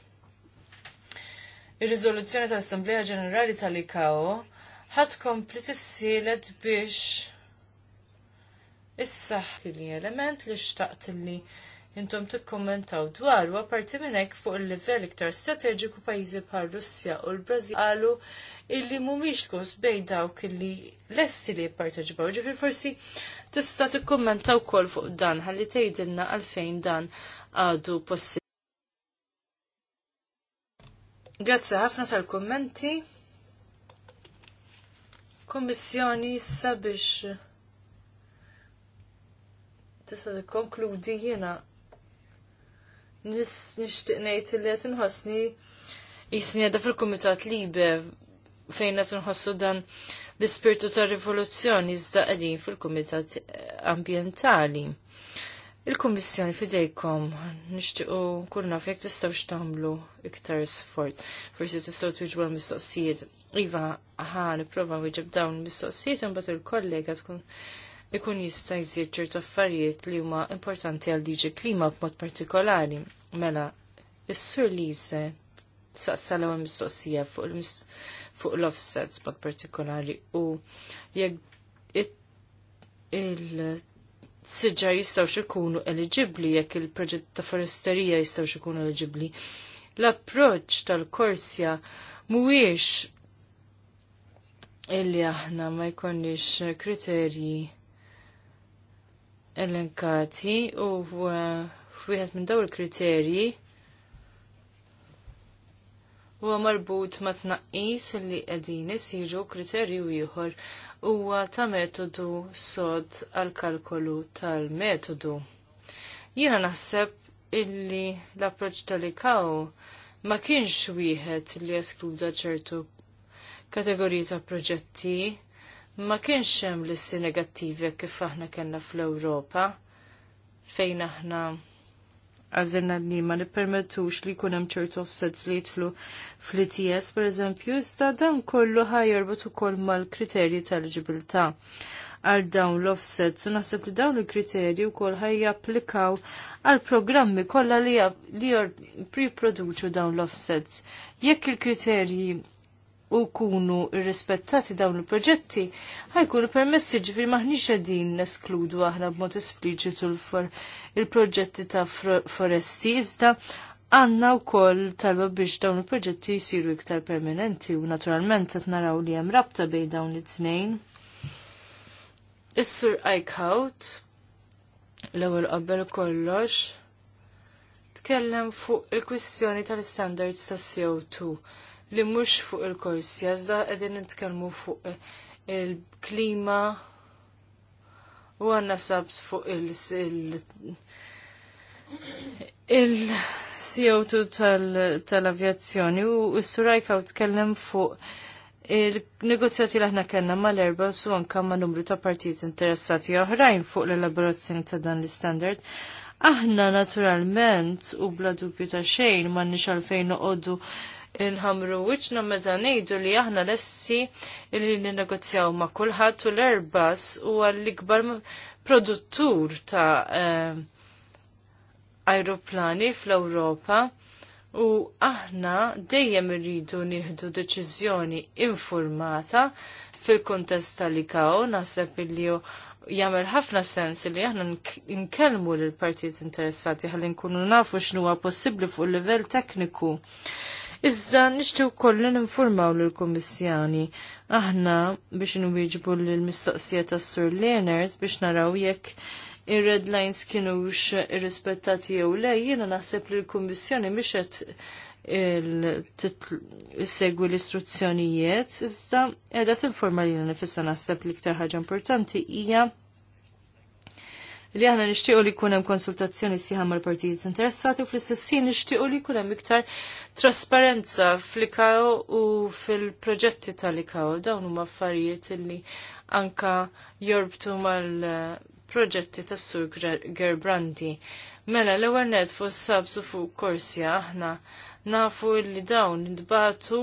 Ir-riżoluzzjoni tal-Assembleja Ġenerali tal ikao ħadd kompli tissielet biex is-saħħa li element li xtaqt li intom kommentaw dwar u għaparti minn hekk fuq il-livell iktar strateġiku pajjiżi par Russja u l-Brażil qalu illi mhumiex kos bejn dawk illi lesti li jipparteġbaw ġifir forsi tista' tikkummenta wkoll fuq dan ħalli tgħidilna għalfejn dan għadu possibbli. Grazzi ħafna tal-kummenti kommissjoni issa biex tista' tikkonkludi jiena nixtieq ngħid li għet inħossni jisni għedha fil-Kumitat Libe fejn qed inħossu dan l-ispirtu ta' rivoluzzjoni iżda qegħdin fil-Kumitat Ambjentali. Il-Kummissjoni fidejkom nixtiequ kull naf jekk tistgħux tagħmlu iktar sfort. Forsi tistgħu tiġbu l-mistoqsijiet Iva, ħa niprofa wieġeb dawn mistoqsijiet imbagħad il-kollega tkun ikun jista' jżid ċertu affarijiet li huma importanti għal diġi klima b'mod partikolari. Mela, is-sur Lise saqsa l mistoqsija fuq l-offsets b'mod partikolari u jekk il siġar jistawx ikunu eligibli jekk il-proġett ta' foresterija jistawx ikunu eligibli. l approċċ tal-korsja mhuwiex illi aħna ma jkollniex kriterji elenkati u f'wieħed minn dawn il-kriterji huwa marbut ma' tnaqqis li qegħdin isiru kriterju ieħor huwa ta' metodu sod għal kalkolu tal-metodu. Jiena naħseb illi l-approċċ tal-ikaw ma kienx wieħed li eskluda ċertu kategoriji ta' proġetti ma kienx hemm lissi negattivi kif aħna kellna fl-Ewropa fejn aħna għazirna li ma nippermettux li jkun hemm ċertu offsets li jitflu fl-ITS pereżempju, iżda dan kollu jorbot ukoll mal-kriterji tal-eliġibilità għal dawn l-offsets u naħseb li dawn il-kriterji wkoll ħaj japplikaw għal programmi kollha li jipproduċu dawn l-offsets. Jekk il-kriterji u kunu rispettati dawn il-proġetti, ħajkunu permessi ġifir maħniċ għedin neskludu aħna b'mod espliċitu il-proġetti ta' foresti, iżda għanna u koll talba biex dawn il-proġetti jisiru iktar permanenti u naturalment għet naraw li jem rabta bej dawn it-tnejn. Is-sur Eichhout, l-ewwel qabel kollox, tkellem fuq il-kwistjoni tal-standards ta' CO2 li mhux fuq il-kors jazda qegħdin nitkellmu fuq il-klima u għanna sabs fuq il- co 2 tal-avjazzjoni u s-surajka u tkellem fuq il-negozjati li aħna kellna mal-erba su anka ma' numru ta' partijiet interessati oħrajn fuq l-elaborazzjoni ta' dan l-standard. Aħna naturalment u bla dubju ta' xejn ma' nix għalfejn noqogħdu inħamru wiċna meta ngħidu li aħna lessi li ninegozjaw ma' kulħadd u l-Airbus huwa l-ikbar produttur ta' eh, aeroplani fl-Ewropa u aħna dejjem irridu nieħdu deċiżjoni informata fil-kontest tal-ikaw naħseb li jagħmel ħafna sens li aħna nkellmu l partijiet interessati ħalli nkunu nafu x'nu possibbli fuq il livell tekniku. Iżda nixtiew kollu n-informaw lill-Kummissjani. Aħna biex inwieġbu lill-mistoqsija tas Sir Leonards biex naraw jekk ir-red lines kienux irrispettati jew le, jiena naħseb li l-Kummissjoni biex qed il-segwi l-istruzzjonijiet, iżda edha tinforma li nifissa naħseb li ktar ħaġa importanti hija li aħna nixtiequ li jkun hemm konsultazzjoni sieħa mal-partijiet interessati u fl istessin nixtiequ li jkun hemm iktar trasparenza fl ikaw u fil-proġetti tal ikaw Dawn huma affarijiet illi anka jorbtu mal-proġetti tas-Sur Gerbrandi. Mela l-ewwel fu fuq sabsu fuq korsja aħna nafu li dawn dbatu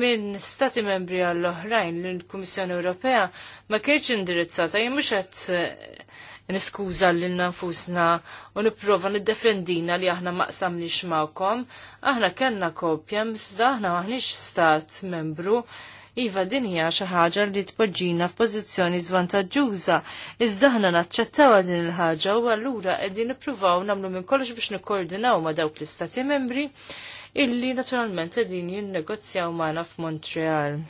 minn stati membri għall-oħrajn l-Kummissjoni Ewropea ma kienx indirizzata, jien mhux qed niskuża lil nfusna u nipprova niddefendina li aħna maqsam li xmawkom. Aħna kellna kopja msda aħna maħniex stat membru Iva din hija xi ħaġa li tpoġġina f'pożizzjoni żvantaġġuża, iżda aħna naċċettawha din il-ħaġa u allura qegħdin nippruvaw nagħmlu minn kollox biex nikkoordinaw ma' dawk l-istati membri illi naturalment qegħdin jinnegozjaw magħna f'Montreal.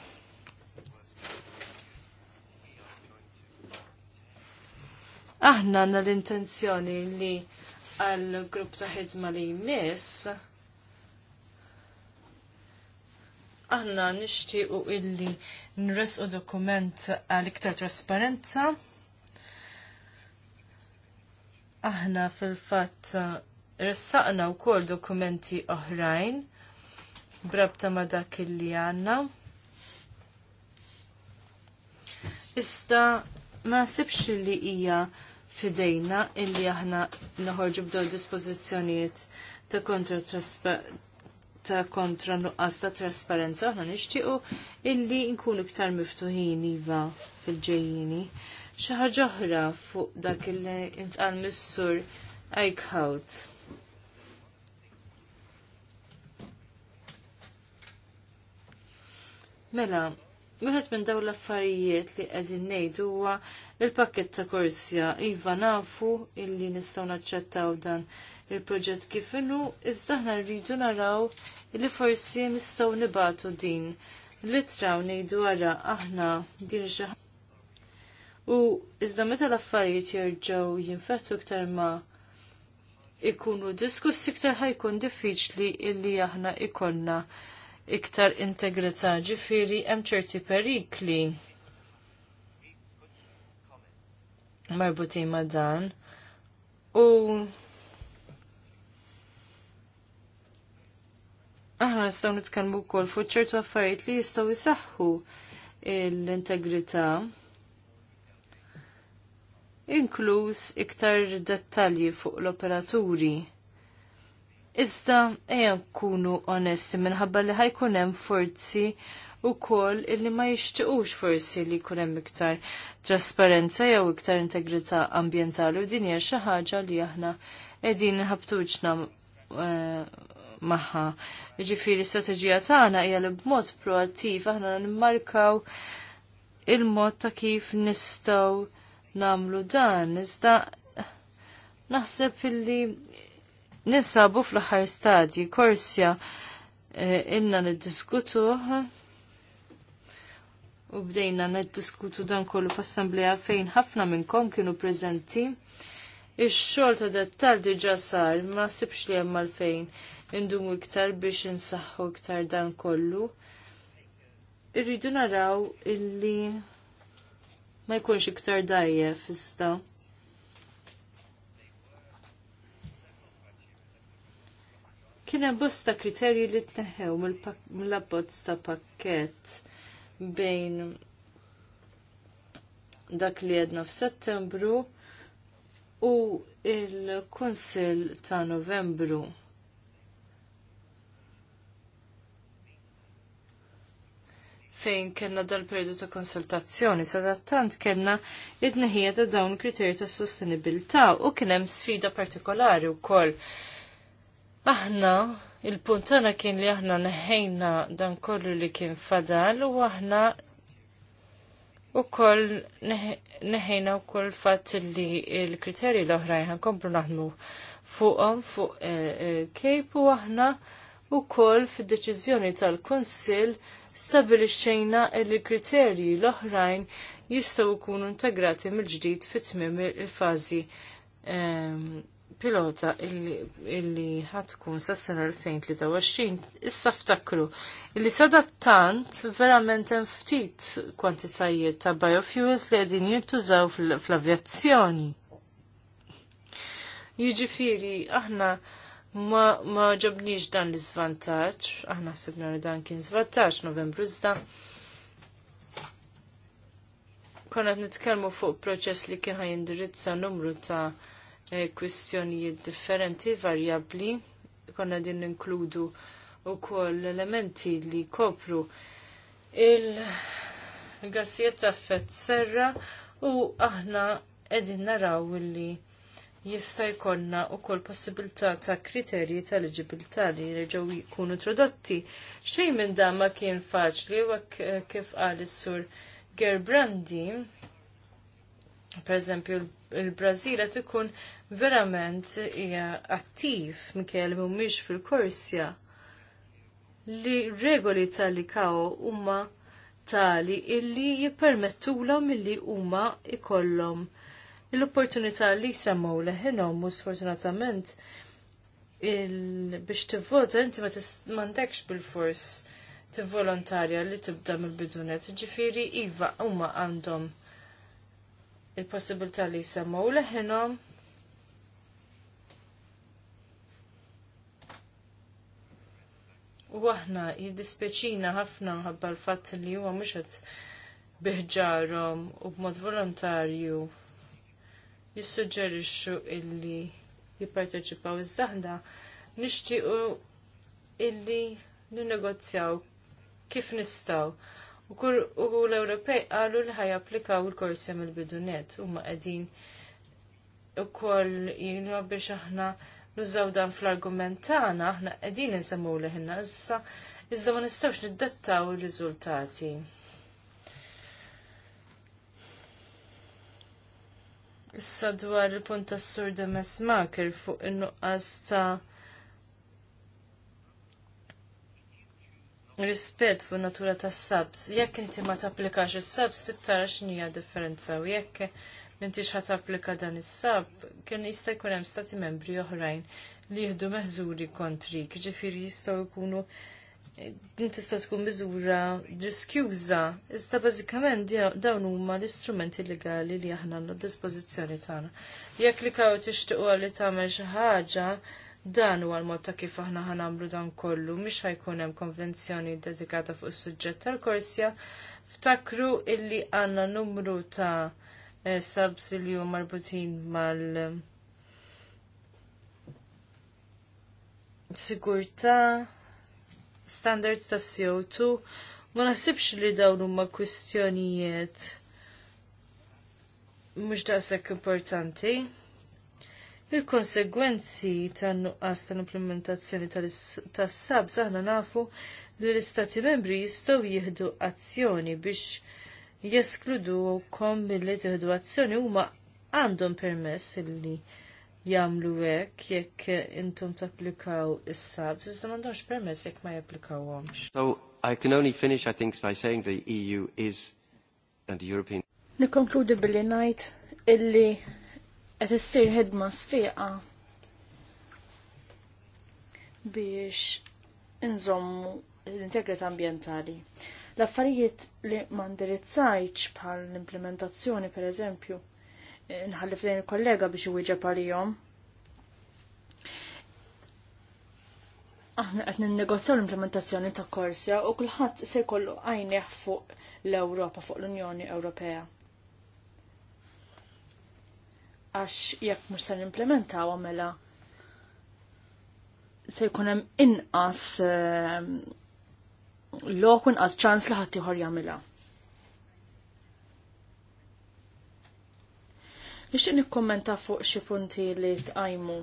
Aħna għandna l-intenzjoni li għal grupp ta' ħidma li jmiss. Aħna nixtiequ illi nresqu dokument għal iktar trasparenza. Aħna fil-fatt ressaqna wkoll dokumenti oħrajn brabta ma dak illi għandna. Ista ma sibx li hija fidejna illi aħna noħorġu b'dawn dispożizzjonijiet ta' kontra ta' kontra nuqqas ta' trasparenza, aħna nixtiequ illi nkunu iktar miftuħin iva fil-ġejjini. Xi ħaġa oħra fuq dak illi intqal missur Eichhout. Mela, wieħed minn dawn l-affarijiet li qegħdin ngħidu huwa Il-pakket ta' korsja iva nafu illi nistgħu naċċettaw dan il-proġett kif inhu, iżda aħna rridu naraw illi forsi nistgħu nibatu din. traw ngħidu għara aħna din xi U iżda meta l-affarijiet jerġgħu jinfettu iktar ma ikunu diskussi iktar ħajkun diffiċli illi aħna ikonna iktar integrità ġifieri hemm ċerti perikli marbuti ma' dan. U aħna nistgħu nitkellmu wkoll fuq ċertu affarijiet li jistgħu jsaħħu l-integrità inkluż iktar dettalji fuq l-operaturi. Iżda ejja nkunu onesti minħabba li ħajkun hemm forzi u kol illi ma jixtiequx forsi li kunem iktar trasparenza jew iktar integrità ambjentali u din hija xi ħaġa li aħna qegħdin ħabtuġna eh, magħha. Ġifieri l-istrateġija tagħna hija li b'mod proattiv aħna nimmarkaw il-mod ta' kif nistgħu nagħmlu dan. Iżda naħseb illi ninsabu fl-aħħar stadji korsja eh, inna niddiskutuh u bdejna neddiskutu dan kollu f'assembleja fejn ħafna minnkom kienu preżenti. Ix-xogħol ta' dettal diġà sar, ma sibx li hemm għalfejn indumu iktar biex insaħħu iktar dan kollu. Irridu naraw illi ma jkunx iktar dajjef iżda. Kien hemm bosta kriterji li tneħħew mill-abbozz ta' pakkett bejn dak li jedna f'Settembru u il-Kunsil ta' Novembru. Fejn kena dal-periodu ta' konsultazzjoni, sadattant kena id-neħija ta' dawn kriterji ta' sostenibilità u kienem sfida partikolari u koll. Aħna Il-puntana kien li aħna neħejna dan kollu li kien fadal u aħna u koll neħejna u koll fatt li il-kriterji l-oħrajn komplu naħdmu fuqhom fuq il-kejp e, e, u aħna u koll fid-deċiżjoni tal-Kunsill stabilixxejna il-kriterji l-oħrajn jistgħu jkunu integrati mill-ġdid fit-tmiem il fazi pilota illi ħatkun sa sena 2023 issa ftakru illi tant verament hemm ftit kwantitajiet ta' biofuels li qegħdin jintużaw fl-avjazzjoni. Jiġifieri aħna ma, ma dan l-iżvantaġġ, aħna sebna li dan kien żvantaġġ Novembru zda. Konna nitkellmu fuq proċess li kien ħajindirizza numru ta' Eh, kwistjonijiet differenti, varjabbli, konna din inkludu wkoll elementi li kopru il-gassijiet ta' fett serra u aħna qegħdin naraw li jista' jkollna wkoll possibilità ta' kriterji ta' eliġibilità li reġaw jkunu introdotti. Xejn minn dan ma kien faċli u eh, kif qal is-sur Gerbrandi, per il-Brażil qed ikun verament hija attiv mikel mhumiex fil-korsja li regoli tal-likaw huma tali illi jippermettulhom illi huma ikollhom l-opportunità li semmaw leħinhom u sfortunatament biex tivvota inti ma m'għandekx bil-fors tivvolontarja li tibda mill-bidunet. Ġifieri iva huma għandhom il-possibilità li semmaw leħinhom U aħna jiddispeċina ħafna mħabba l-fatt li huwa mhux qed biħġarhom u b'mod volontarju jissuġġerixxu illi jipparteċipaw iż-żaħda nixtiequ illi ninnegozjaw kif nistaw. U u l-Ewropej għalu li ħajapplikaw il-korsi mill bidunet u ma' għedin u koll biex aħna nużaw dan fl-argument tagħna aħna qegħdin insemmu ħinna issa, iżda ma nistgħux niddettaw ir-riżultati. Issa dwar il-punt tas-sur Demes Maker fuq in-nuqqas ta' rispett fuq natura tas-sabs, jekk inti ma tapplikax is-sabs tittara x'inhija differenza u jekk m'intix ħat applika dan is-sab, kien jista' jkun hemm stati membri oħrajn li jieħdu meħżuri kontri, ġifieri jistgħu jkunu din tista' tkun miżura riskjuża, iżda bażikament dawn huma l-istrumenti legali li aħna għandna dispożizzjoni tagħna. Jekk li kaw tixtiequ li tagħmel xi ħaġa, dan huwa l-mod ta' kif aħna ħanamlu dan kollu, mhix ħajkun hemm konvenzjoni dedikata fuq is-suġġett tal-korsja, ftakru illi għandna numru ta' Eh, subs li huma marbutin mal eh, sigurtà standards ta' CO2 ma naħsibx li dawn huma kwistjonijiet mhux daqshekk importanti. Il-konsegwenzi tan nuqqas tal-implementazzjoni tas-sab saħna nafu li l-Istati membri jistgħu jieħdu azzjoni biex jeskludukom billi tieħdu azzjoni huma għandhom permess illi jagħmlu hekk jekk intom tapplikaw is sab iżda m'għandhomx permess jekk ma japplikawhomx. So I can only finish I think by saying the EU is and the European Nikkonkludi billi ngħid illi qed issir ħidma sfiqa biex inżommu l-integrità ambjentali. L-affarijiet li mandirizzajċ bħal l-implementazzjoni, per eżempju, nħallif lejn il-kollega biex iwieġeb għalihom. Aħna qed ninnegozjaw l-implementazzjoni ta' Korsja u kulħadd se jkollu għajneħ fuq l-Ewropa, fuq l-Unjoni Ewropea. Għax jekk mhux se nimplementaw għamela se jkun hemm inqas eh, lok inqas ċans li ħadd ieħor jagħmilha. Nixtieq nikkommenta fuq xi punti li tqajmu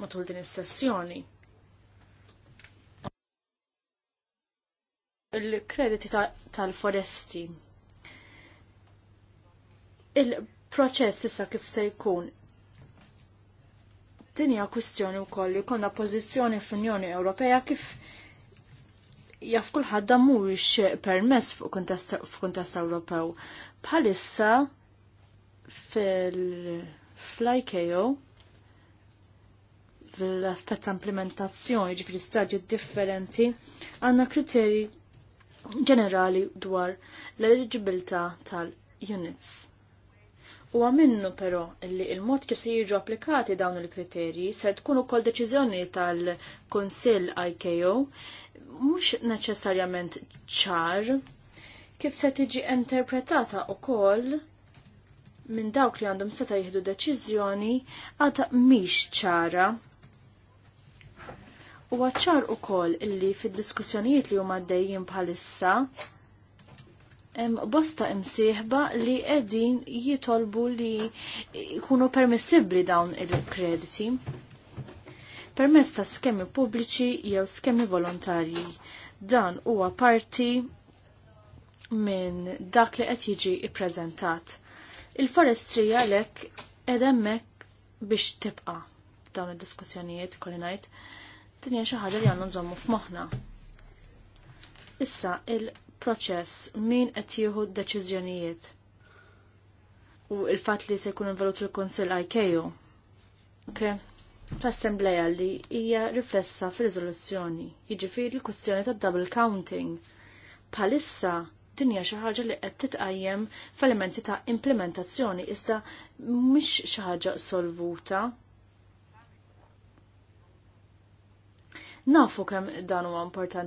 matul din is-sessjoni. Il-krediti tal-foresti. Il-proċess issa kif se jkun din hija kwistjoni wkoll li jkollna pożizzjoni fl-Unjoni Ewropea kif jaf kulħadd dan mhuwiex permess f'kuntest Ewropew. Bħalissa fil-IKO fil-aspett implementazzjoni ġifri stadju differenti għandna kriteri ġenerali dwar l-eligibilità tal-units. U għamennu pero li il-mod kif se jiġu applikati dawn il-kriterji ser tkun ukoll deċiżjoni tal-Kunsill IKO mhux neċessarjament ċar kif se tiġi interpretata wkoll minn dawk li għandhom seta' jieħdu deċiżjoni għadha mhix ċara. U għacċar ukoll illi fil diskussjonijiet li huma għaddejjin bħalissa bosta imsieħba li edin jitolbu li jkunu permissibli dawn il-krediti permezz ta' skemi pubbliċi jew skemi volontarji. Dan huwa parti minn dak li qed jiġi ippreżentat. Il-forestrija lek hemmhekk biex tibqa dawn id-diskussjonijiet kolli ngħid din hija xi ħaġa li għandna nżommu f'moħħna. Issa il-proċess min qed jieħu deċiżjonijiet u il-fatt li se jkun involut il-Kunsill IKEA. Okay l-Assembleja li hija riflessa fir-riżoluzzjoni, jiġifieri l-kwistjoni ta' double counting. Bħalissa din hija xi ħaġa li qed titqajjem f'elementi ta' implementazzjoni iżda mhix xi ħaġa solvuta. Nafu kemm dan huwa importanti.